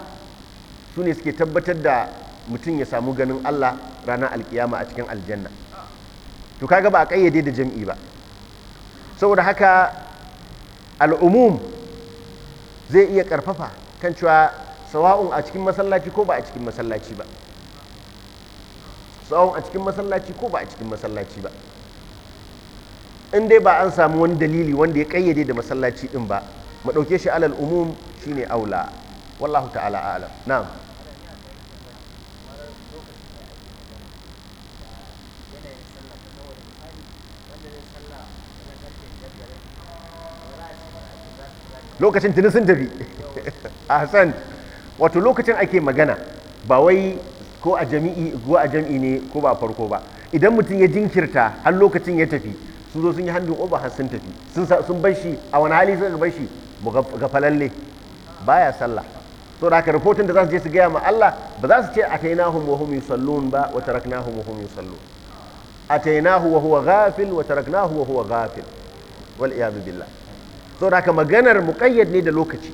su ne suke tabbatar da mutum ya samu ganin Allah ranar alkiyama a cikin aljanna to kaga ba a kayyade da jam'i ba saboda haka al'umum zai iya karfafa kan cewa sawa'un a cikin masallaci ko ba a cikin masallaci ba sawa'un a cikin masallaci ko ba a cikin masallaci ba in dai ba an samu wani dalili wanda ya kayyade da masallaci din ba ma ɗauke shi alal umum shine aula wallahu ta'ala a'lam na'am lokacin tuni sun tafi a Hassan wato lokacin ake magana ba wai ko a jami'i ko a jami'i ne ko ba farko ba idan mutum ya jinkirta har lokacin ya tafi sun zo sun yi handin oba har sun tafi sun sun bar shi a wani hali suka bar shi ba ya sallah to da aka rahoton da za su je su gaya ma Allah ba za su ce a nahu wa hum yusallun ba wa taraknahum wa hum yusallun nahu wa huwa ghafil wa taraknahu wa huwa ghafil wal iyad billah saboda maganar muƙayyad ne da lokaci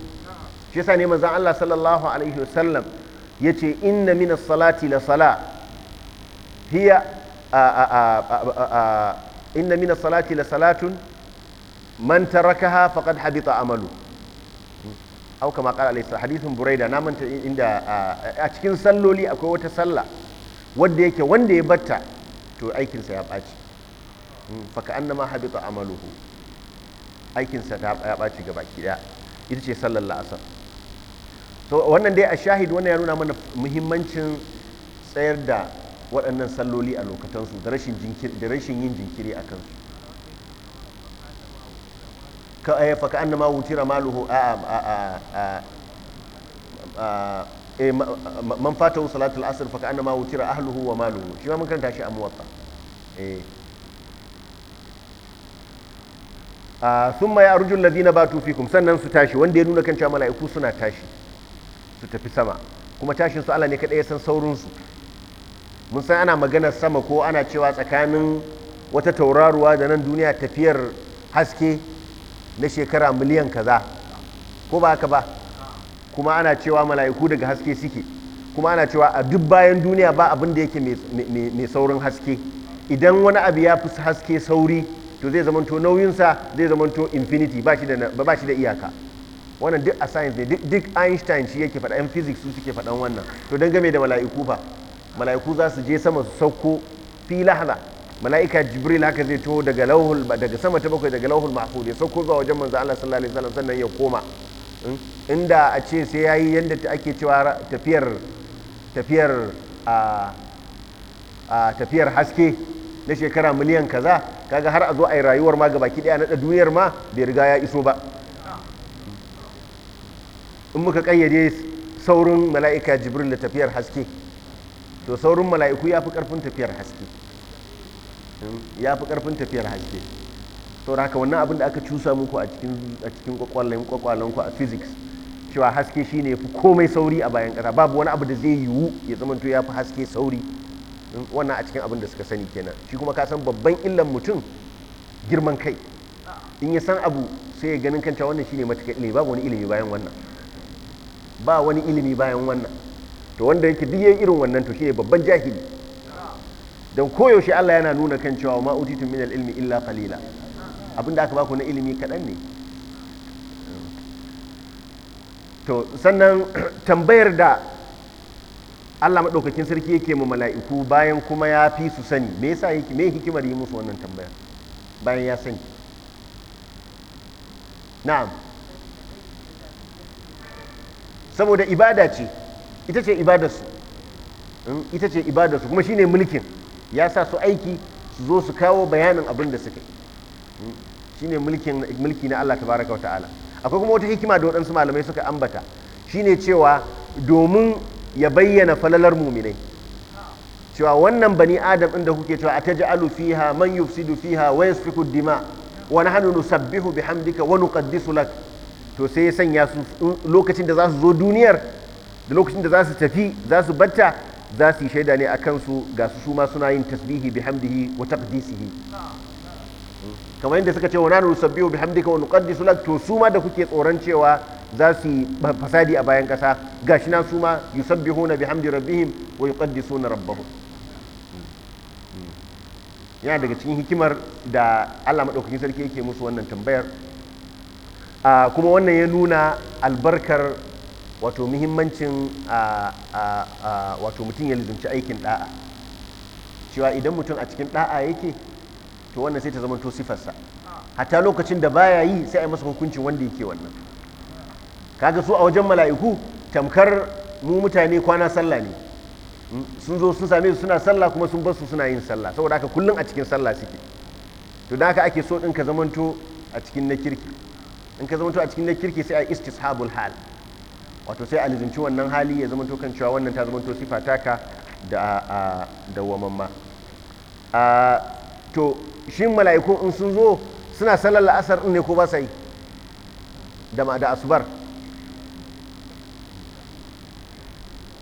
shi yasa ne manzon Allah sallallahu alaihi wasallam yace inna min as-salati la sala hiya inna min as-salati la salatun man tarakaha faqad habita amalu au kama qala alayhi hadithun buraida na manta inda a cikin salloli akwai wata sallah wanda yake wanda ya batta to aikinsa ya ɓaci hmm, fa ka annama habita amaluhu aikinsa ya ɓaci ga baki ɗaya ita ce sallar la'asar to wannan dai a shahid wannan ya nuna mana muhimmancin tsayar da waɗannan salloli a lokatansu da rashin jinkiri da rashin yin jinkiri a kansu ka eh, faka ka annama wutira maluhu a a a a eh, man fata salatul asr fa ka annama wutira ahluhu wa maluhu shi ma mun karanta shi a muwatta eh sun ah, mai arjun lazina ba tufikum sannan su tashi wanda ya nuna kan cewa mala'iku suna tashi su tafi sama kuma tashin su Allah ne kaɗai ya san saurinsu mun san ana magana sama ko ana cewa tsakanin wata tauraruwa da nan duniya tafiyar haske na shekara miliyan kaza ko ba haka ba kuma ana cewa mala'iku daga haske suke kuma ana cewa a duk bayan duniya ba abin da yake mai saurin haske idan wani abu ya fi haske sauri to zai zama to nauyinsa zai zama to infinity ba shi da iyaka wannan duk a science ne duk einstein shi yake faɗa yan physics su suke faɗan wannan to don game da mala'iku fa mala'iku za su je sama su sauko fi lahaza mala'ika jibril haka zai to daga lauhul daga sama ta bakwai daga lauhul mahfuz ya sauko zuwa wajen manzo Allah sallallahu alaihi wasallam sannan ya koma hmm? inda a ce sai yayi yanda ake cewa tafiyar tafiyar a ah, ah, tafiyar haske na shekara miliyan kaza kaga har a zo a yi rayuwar ma gabaki daya na duniyar ma bai riga ya iso ba in muka kayyade saurin mala'ika jibril da tafiyar haske to saurin mala'iku ya fi karfin tafiyar haske ya fi karfin tafiyar haske saboda haka wannan abin da aka cusa muku a cikin a cikin kwakwalen ku a physics cewa haske shine fi komai sauri a bayan kasa babu wani abu da zai yiwu ya zamanto ya fi haske sauri wannan a cikin abin da suka sani kenan shi kuma ka san babban illan mutum girman kai in ya san abu sai ya ganin kanta wannan shine matuƙa ilimi babu wani ilimi bayan wannan ba wani ilimi bayan wannan to wanda yake duk yayin irin wannan to shine babban jahili dan koyaushe Allah yana nuna kan cewa ma utitu min ilmi illa qalila abinda aka baku na ilimi kaɗan ne to sannan tambayar da Allah maɗaukakin sarki yake mu mala'iku bayan kuma ya fi su sani me yasa yake me hikimar yi musu wannan tambayar bayan ya sani na'am saboda ibada ce ita ce ibadarsu hmm, ita ce ibadarsu kuma shine mulkin ya sa su aiki su zo su kawo bayanin abin da suka yi hmm, shine mulkin mulki na Allah tabaraka wa ta'ala akwai kuma wata hikima da waɗansu malamai suka ambata shine cewa domin ya bayyana falalar muminai cewa wannan bani adam ɗin da kuke cewa ataj'alu fiha man yufsidu fiha wa ku dima wa nahnu nusabbihu bihamdika wa nuqaddisu lak to sai ya sanya su lokacin da za su zo duniyar da lokacin da za su tafi za su batta za su yi shaida ne a kansu ga su suma suna yin tasbihi bihamdihi wa taqdisihi kamar yadda suka ce wa nanu sabbihu bihamdika wa nuqaddisu lak to su ma da kuke tsoron cewa za su yi fasadi a bayan kasa gashi na su ma yusabbihuna bihamdi rabbihim wa yuqaddisuna rabbahum yana daga cikin hikimar da Allah madaukakin sarki yake musu wannan tambayar kuma wannan ya nuna albarkar wato muhimmancin wato mutum ya lizunci aikin da'a cewa idan mutum a cikin da'a yake to wannan sai ta zama to sifarsa hatta lokacin da baya yi sai a yi masa hukuncin wanda yake wannan kaga su a wajen mala'iku tamkar mu mutane kwana sallah ne mm, sun zo sun same su suna sallah kuma sun bar su suna yin sallah saboda haka kullum a cikin sallah suke to da haka ake so din ka zamanto a cikin na kirki in ka zamanto a cikin na kirki sai a istishabul hal wato sai a lizinci wannan hali ya zamanto kan cewa wannan ta zamanto sifa taka da da wamamma to shin mala'iku in sun zo suna salar la'asar ne ko ba sa yi da asubar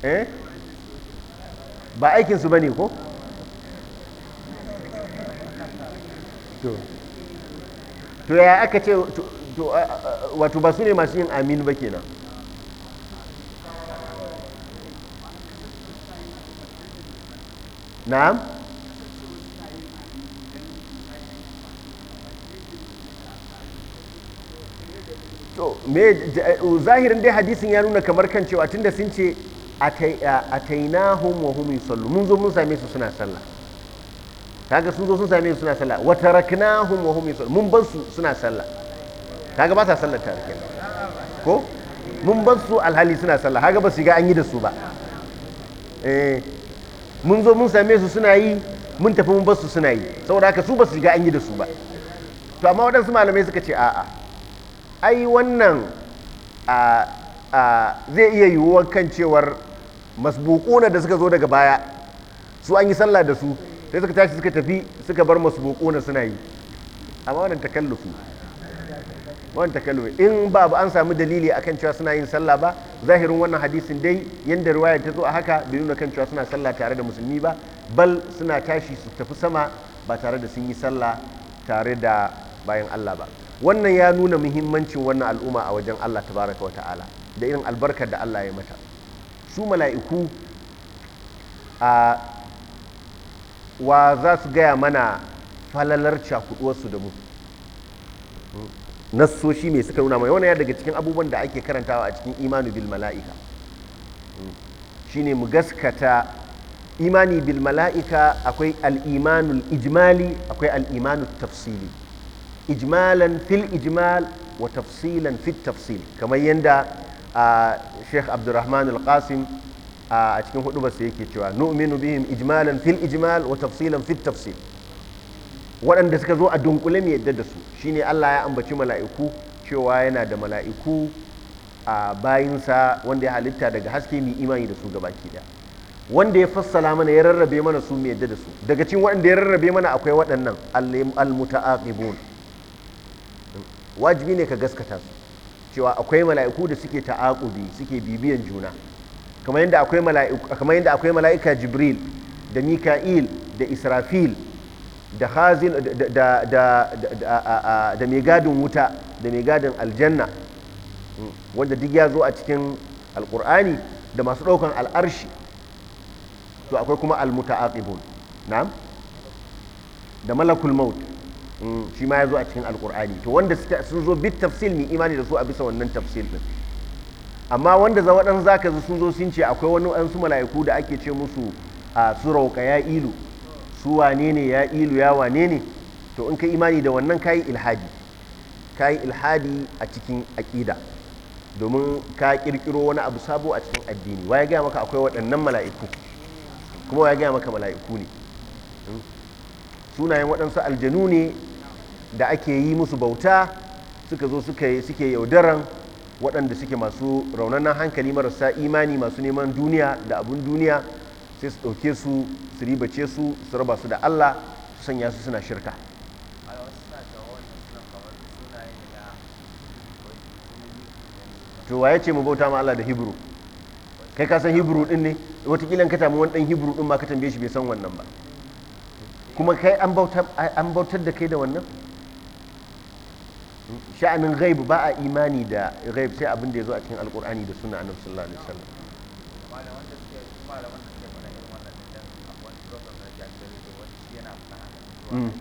eh ba aikinsu ba ne ko to ya aka ce wato ba su ne masu yin amin ba kenan na'am to me eh, zahirin dai hadisin ya nuna kamar kan cewa tunda sun ce eh, atainahum wa hum yusallu mun zo mun same su suna sallah kaga sun zo sun same su suna sallah wa taraknahum wa hum yusallu mun bar su suna sallah kaga ba sa sallar tare ko mun bar su alhali suna sallah kaga ba su ga an yi da su ba eh mun zo mun same su suna yi mun tafi mun bar su suna yi saboda haka su ba su ga an yi da su ba to amma waɗansu malamai suka ce a'a ai wannan zai iya yiwuwar kan cewar masbukuna da suka zo daga baya su an yi sallah da su sai suka tashi suka tafi suka bar masbukuna suna yi amma wannan takallufi wannan takallufi in ba an samu dalili akan cewa suna yin sallah ba zahirin wannan hadisin dai yanda riwaya ta zo a haka bai nuna kan cewa suna sallah tare da musulmi ba bal suna tashi su tafi sama ba tare da sun yi sallah tare da bayan Allah ba wannan ya nuna muhimmancin wannan al'umma a wajen Allah tabaraka wata'ala da irin albarkar da Allah ya mata su mala'iku a wa za su gaya mana falalar cakuduwarsu da mu hmm. nassoshi mai suka nuna mai wannan ya daga cikin abubuwan da ake karantawa a cikin imanu bil mala'ika hmm. shine mu gaskata imani bil mala'ika akwai al'imanul ijmali akwai al'imanul tafsili ijmalan fil ijmal wa tafsilan fit tafsil kamar yadda sheikh abdurrahman al-qasim a cikin hudu basu yake cewa nu'minu bihim ijmalan fil ijmal wa tafsilan fit tafsil waɗanda suka zo a dunkule mai yadda da su shine Allah ya ambaci mala'iku cewa yana da mala'iku a bayinsa wanda ya halitta daga haske mai imani da su gabaki da wanda ya fassala mana ya rarrabe mana su mai yadda da su daga cikin waɗanda ya rarrabe mana akwai waɗannan al-muta'aqibun wajibi ne ka gaskata su cewa akwai mala'iku da suke ta'aqubi suke bibiyan juna kamar yadda akwai mala'ika kamar yadda akwai mala'ika Jibril da Mika'il da Israfil da Hazin da da da mai gadin wuta da mai gadin aljanna hmm, wanda duk ya zo a cikin alqur'ani da masu ɗaukan al'arshi to akwai kuma al-muta'aqibun na'am da malakul maut shi ma ya zo a cikin alkur'ani to wanda sun zo bit tafsil mai imani da su a bisa wannan tafsil din amma wanda za waɗansu zaka zo sun zo sun ce akwai wani ɗansu mala'iku da ake ce musu a su rauka ya ilu su wane ne ya ilu ya wane ne to in ka imani da wannan kayi ilhadi kayi ilhadi a cikin aƙida domin ka ƙirƙiro wani abu sabo a cikin addini wa ya gaya maka akwai waɗannan mala'iku kuma wa ya gaya maka mala'iku ne sunayen waɗansu aljanu ne da ake yi musu bauta suka zo suke yaudaran waɗanda suke masu raunannan hankali marasa imani masu neman duniya da abun duniya sai su ɗauke su su ribace su su raba su da Allah su sanya su suna shirka to waye ce mu bauta ma Allah da Hebrew kai ka san Hebrew din ne wataƙila ka tamu wani ɗan Hebrew din ma ka tambaye shi bai san wannan ba kuma kai an bautar da kai da wannan sha'anin ghaib ba a imani da ghaib sai abin da ya zo a cikin alkur'ani da suna annabi sallallahu alaihi wasallam hmm.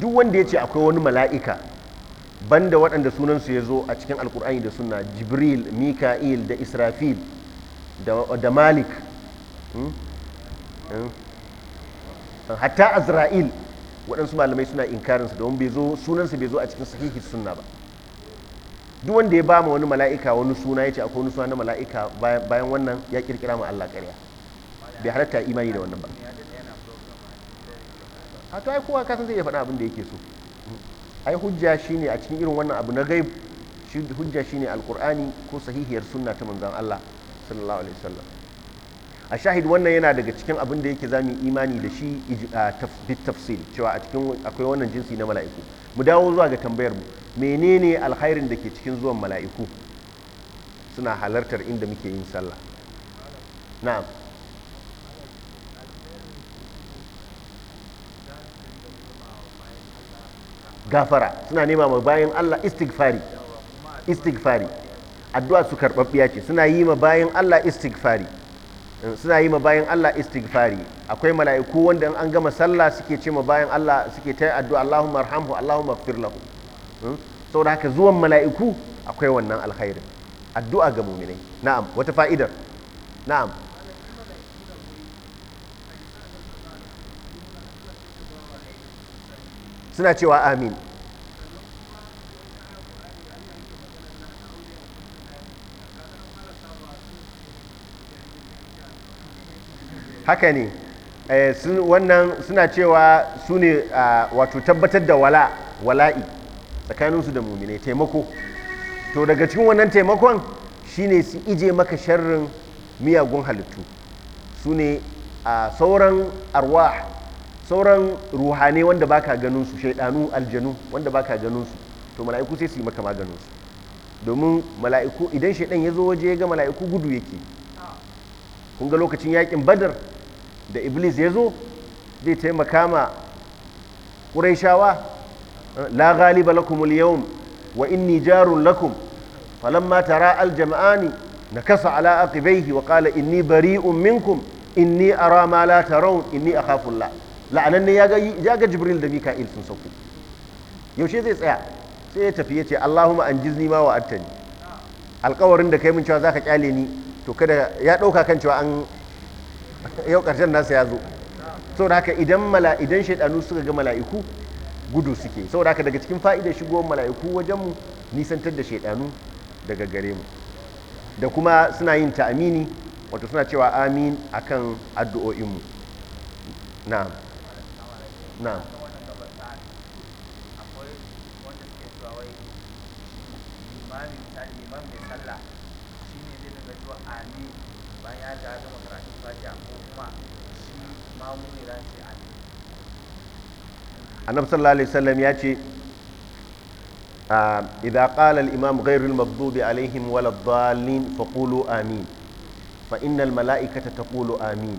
duk wanda ya ce akwai wani mala'ika banda waɗanda sunansu ya zo a cikin alkur'ani da suna jibril mika'il da israfil da malik Hmm? Eh? hatta azra'il waɗansu malamai suna inkarinsa domin bai zo sunansa bai zo a cikin sahihi sunna ba duk wanda ya ba ma wani mala'ika wani suna ya ce akwai wani suna na mala'ika bayan wannan ya kirkira ma Allah ƙarya bai halatta imani da wannan ba a to ai kowa kasan zai iya faɗa abin da yake so hmm? ai hujja shine a cikin irin wannan abu na gaib hujja shine alqur'ani ko sahihiyar sunna ta manzon Allah sallallahu alaihi wasallam a shahid wannan yana daga cikin abin da yake zamu imani da shi bit tafsil cewa a cikin akwai wannan jinsi na mala'iku mu dawo zuwa ga tambayar mu menene alkhairin da ke cikin zuwan mala'iku suna halartar inda muke yin sallah na'am gafara suna nema ma bayan Allah istighfari istighfari addu'a su karɓaɓɓiya ce suna yi ma bayan Allah istighfari suna yi ma bayan Allah istighfari akwai mala'iku wanda an gama sallah suke ce ma bayan Allah suke ta addu'a Allahumma arhamhu Allahumma ighfir lahu hmm? saboda haka zuwan mala'iku akwai wannan alkhairin addu'a ga mu'minai na'am wata fa'idar na'am suna cewa amin haka ne eh, wannan suna cewa su ne ah, wato tabbatar da wala wala'i tsakaninsu da muminai taimako to daga cikin wannan taimakon shine su ije maka sharrin miyagun halittu su ne a ah, sauran arwa sauran ruhane wanda baka ganin su shaidanu aljanu wanda baka ganin to mala'iku sai su yi maka maganin domin mala'iku idan shaidan ya zo waje ya ga mala'iku gudu yake kun ga lokacin yakin badar da iblis ya zo zai taimaka ma ƙuraishawa la ghaliba lakum al wa inni jarun lakum falamma tara al-jam'ani nakasa ala aqibaihi wa qala inni bari'un minkum inni ara ma la tarawun inni akhafu Allah la'anan ne ya ga Jibril da Mika'il sun sauko yaushe zai tsaya sai ya tafi ya ce Allahumma anjizni ma wa attani alƙawarin da kai mun cewa zaka kyale ni to kada ya ɗauka kan cewa an yau ƙarshen nasa ya zo sau da haka idan mala idan shaidanu suka ga mala'iku gudu suke sau da haka daga cikin fa'idar shigowar mala'iku wajenmu nisantar da shaidanu daga gare mu da kuma suna yin ta'amini wato suna cewa amin kan addu'o'inmu na. na bayan ya riga gama karatun fatiha ko kuma shi mamu ran sai a annabi sallallahu alaihi wasallam ya ce ah, idza qala al-imam ghayr al-maghdubi alaihim wal fa faqulu amin fa innal mala'ikata taqulu amin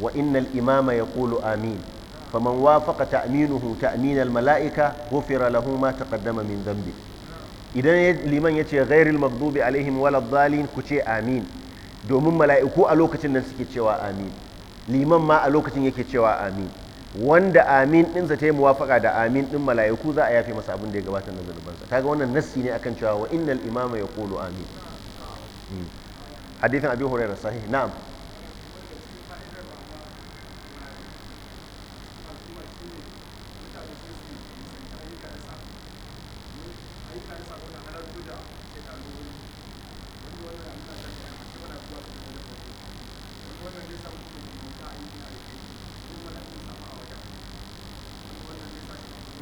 wa innal imama yaqulu amin فمن وافق تأمينه تأمين الملائكة غفر له ما تقدم من ذنبه إذا لمن يتي غير المغضوب عليهم ولا الضالين كتي آمين domin mala'iku a lokacin nan suke cewa amin liman ma a lokacin yake cewa amin wanda amin ɗinsa za ta yi muwafaka da amin ɗin mala'iku za a yafe masa abin da ya gabata na zunubansa ga wannan nassi ne akan cewa wa al’imama imama kolo amin hmm. sahih na'am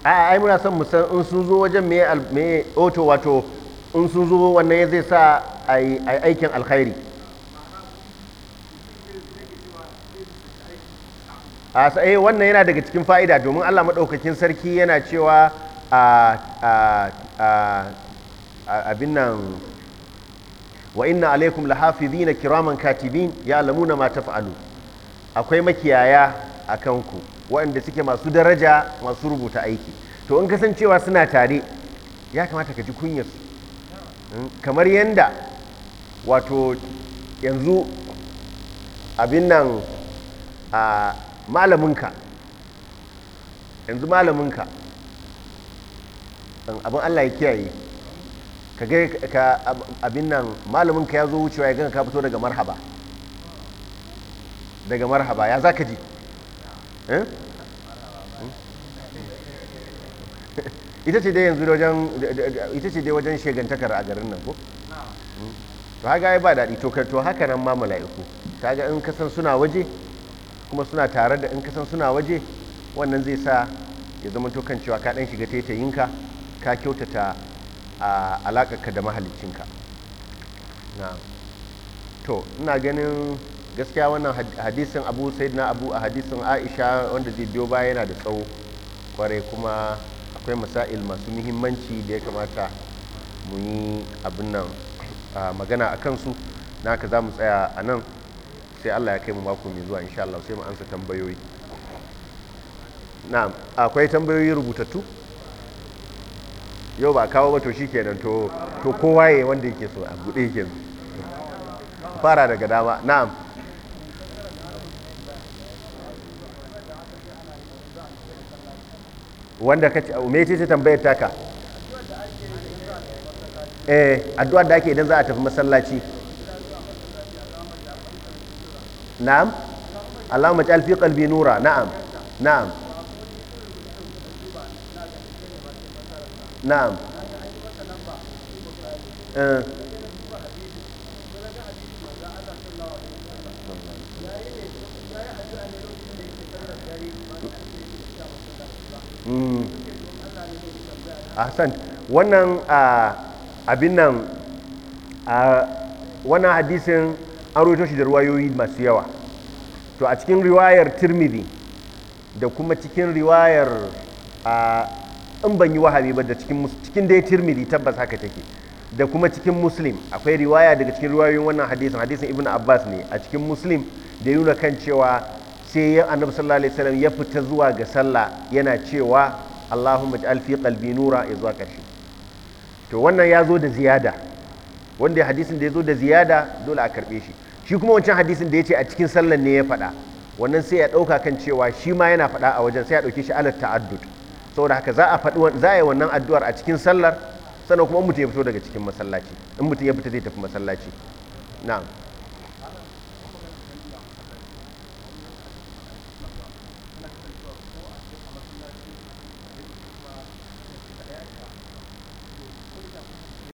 a ai muna son mu san in sun zo wajen me me oto wato in sun zo wannan zai sa ai aikin alkhairi a sai eh, wannan yana daga cikin fa'ida domin Allah madaukakin sarki yana cewa a a abin nan wa inna alaikum lahafizina kiraman katibin ya lamuna ma taf'alu akwai makiyaya a kanku waɗanda suke masu daraja masu rubuta aiki to in kasancewa suna tare ya kamata ka ji kunyarsu hmm, kamar yadda wato yanzu abin nan a malaminka yanzu malaminka abin allah ya kiyaye ka ga abin nan malaminka ya zo wucewa ya gana ka fito daga marhaba daga marhaba ya za ka ji ita ce dai yanzu wajen ita ce dai wajen shegantakar a garin nan ko to haka ya ba daɗi to to haka nan ma mala'iku ga in kasan suna waje kuma suna tare da in kasan suna waje wannan zai sa ya zama to kan cewa ka ɗan shiga taitayinka ka kyautata alaƙarka da mahalicinka na to ina ganin gaskiya wannan hadisin abu sai na abu a hadisin aisha wanda zai biyo baya yana da tsawo kwarai kuma akwai masail masu muhimmanci da ya kamata mu yi abin nan magana a kansu na ka za mu tsaya a nan sai allah ya kai mu mako mai zuwa insha allah sai mu ansa tambayoyi na akwai tambayoyi rubutattu yau ba kawo ba to shi kenan to kowa ya wanda yake so a buɗe yake fara daga dama na'am wanda ka ce me ce tambayar taka eh addu'ar da ake idan za a tafi masallaci na'am Allahumma ja'al fi qalbi nura na'am na'am na'am eh Mm. ahsan wannan abin nan wannan hadisin an roto shi da ruwayoyi masu yawa to a cikin riwayar tirmidhi da kuma cikin riwayar in ban yi wahabi ba da cikin dai tirmidhi tabbas haka take da kuma cikin muslim akwai riwaya daga cikin riwayoyin wannan hadisin hadisin ibn abbas ne a cikin muslim da nuna kan cewa sai ya annabi sallallahu alaihi wasallam ya fita zuwa ga sallah yana cewa Allahumma ij'al fi qalbi nura ya zuwa ƙarshe. to wannan ya zo da ziyada wanda hadisin da ya zo da ziyada dole a karbe shi shi kuma wancan hadisin da ya ce a cikin sallan ne ya faɗa wannan sai ya ɗauka kan cewa shi ma yana faɗa a wajen sai ya ɗauke shi alat ta'addud saboda haka za a faɗi za a yi wannan addu'ar a cikin sallar sannan kuma in mutum ya fito daga cikin masallaci in mutum ya fita zai tafi masallaci na'am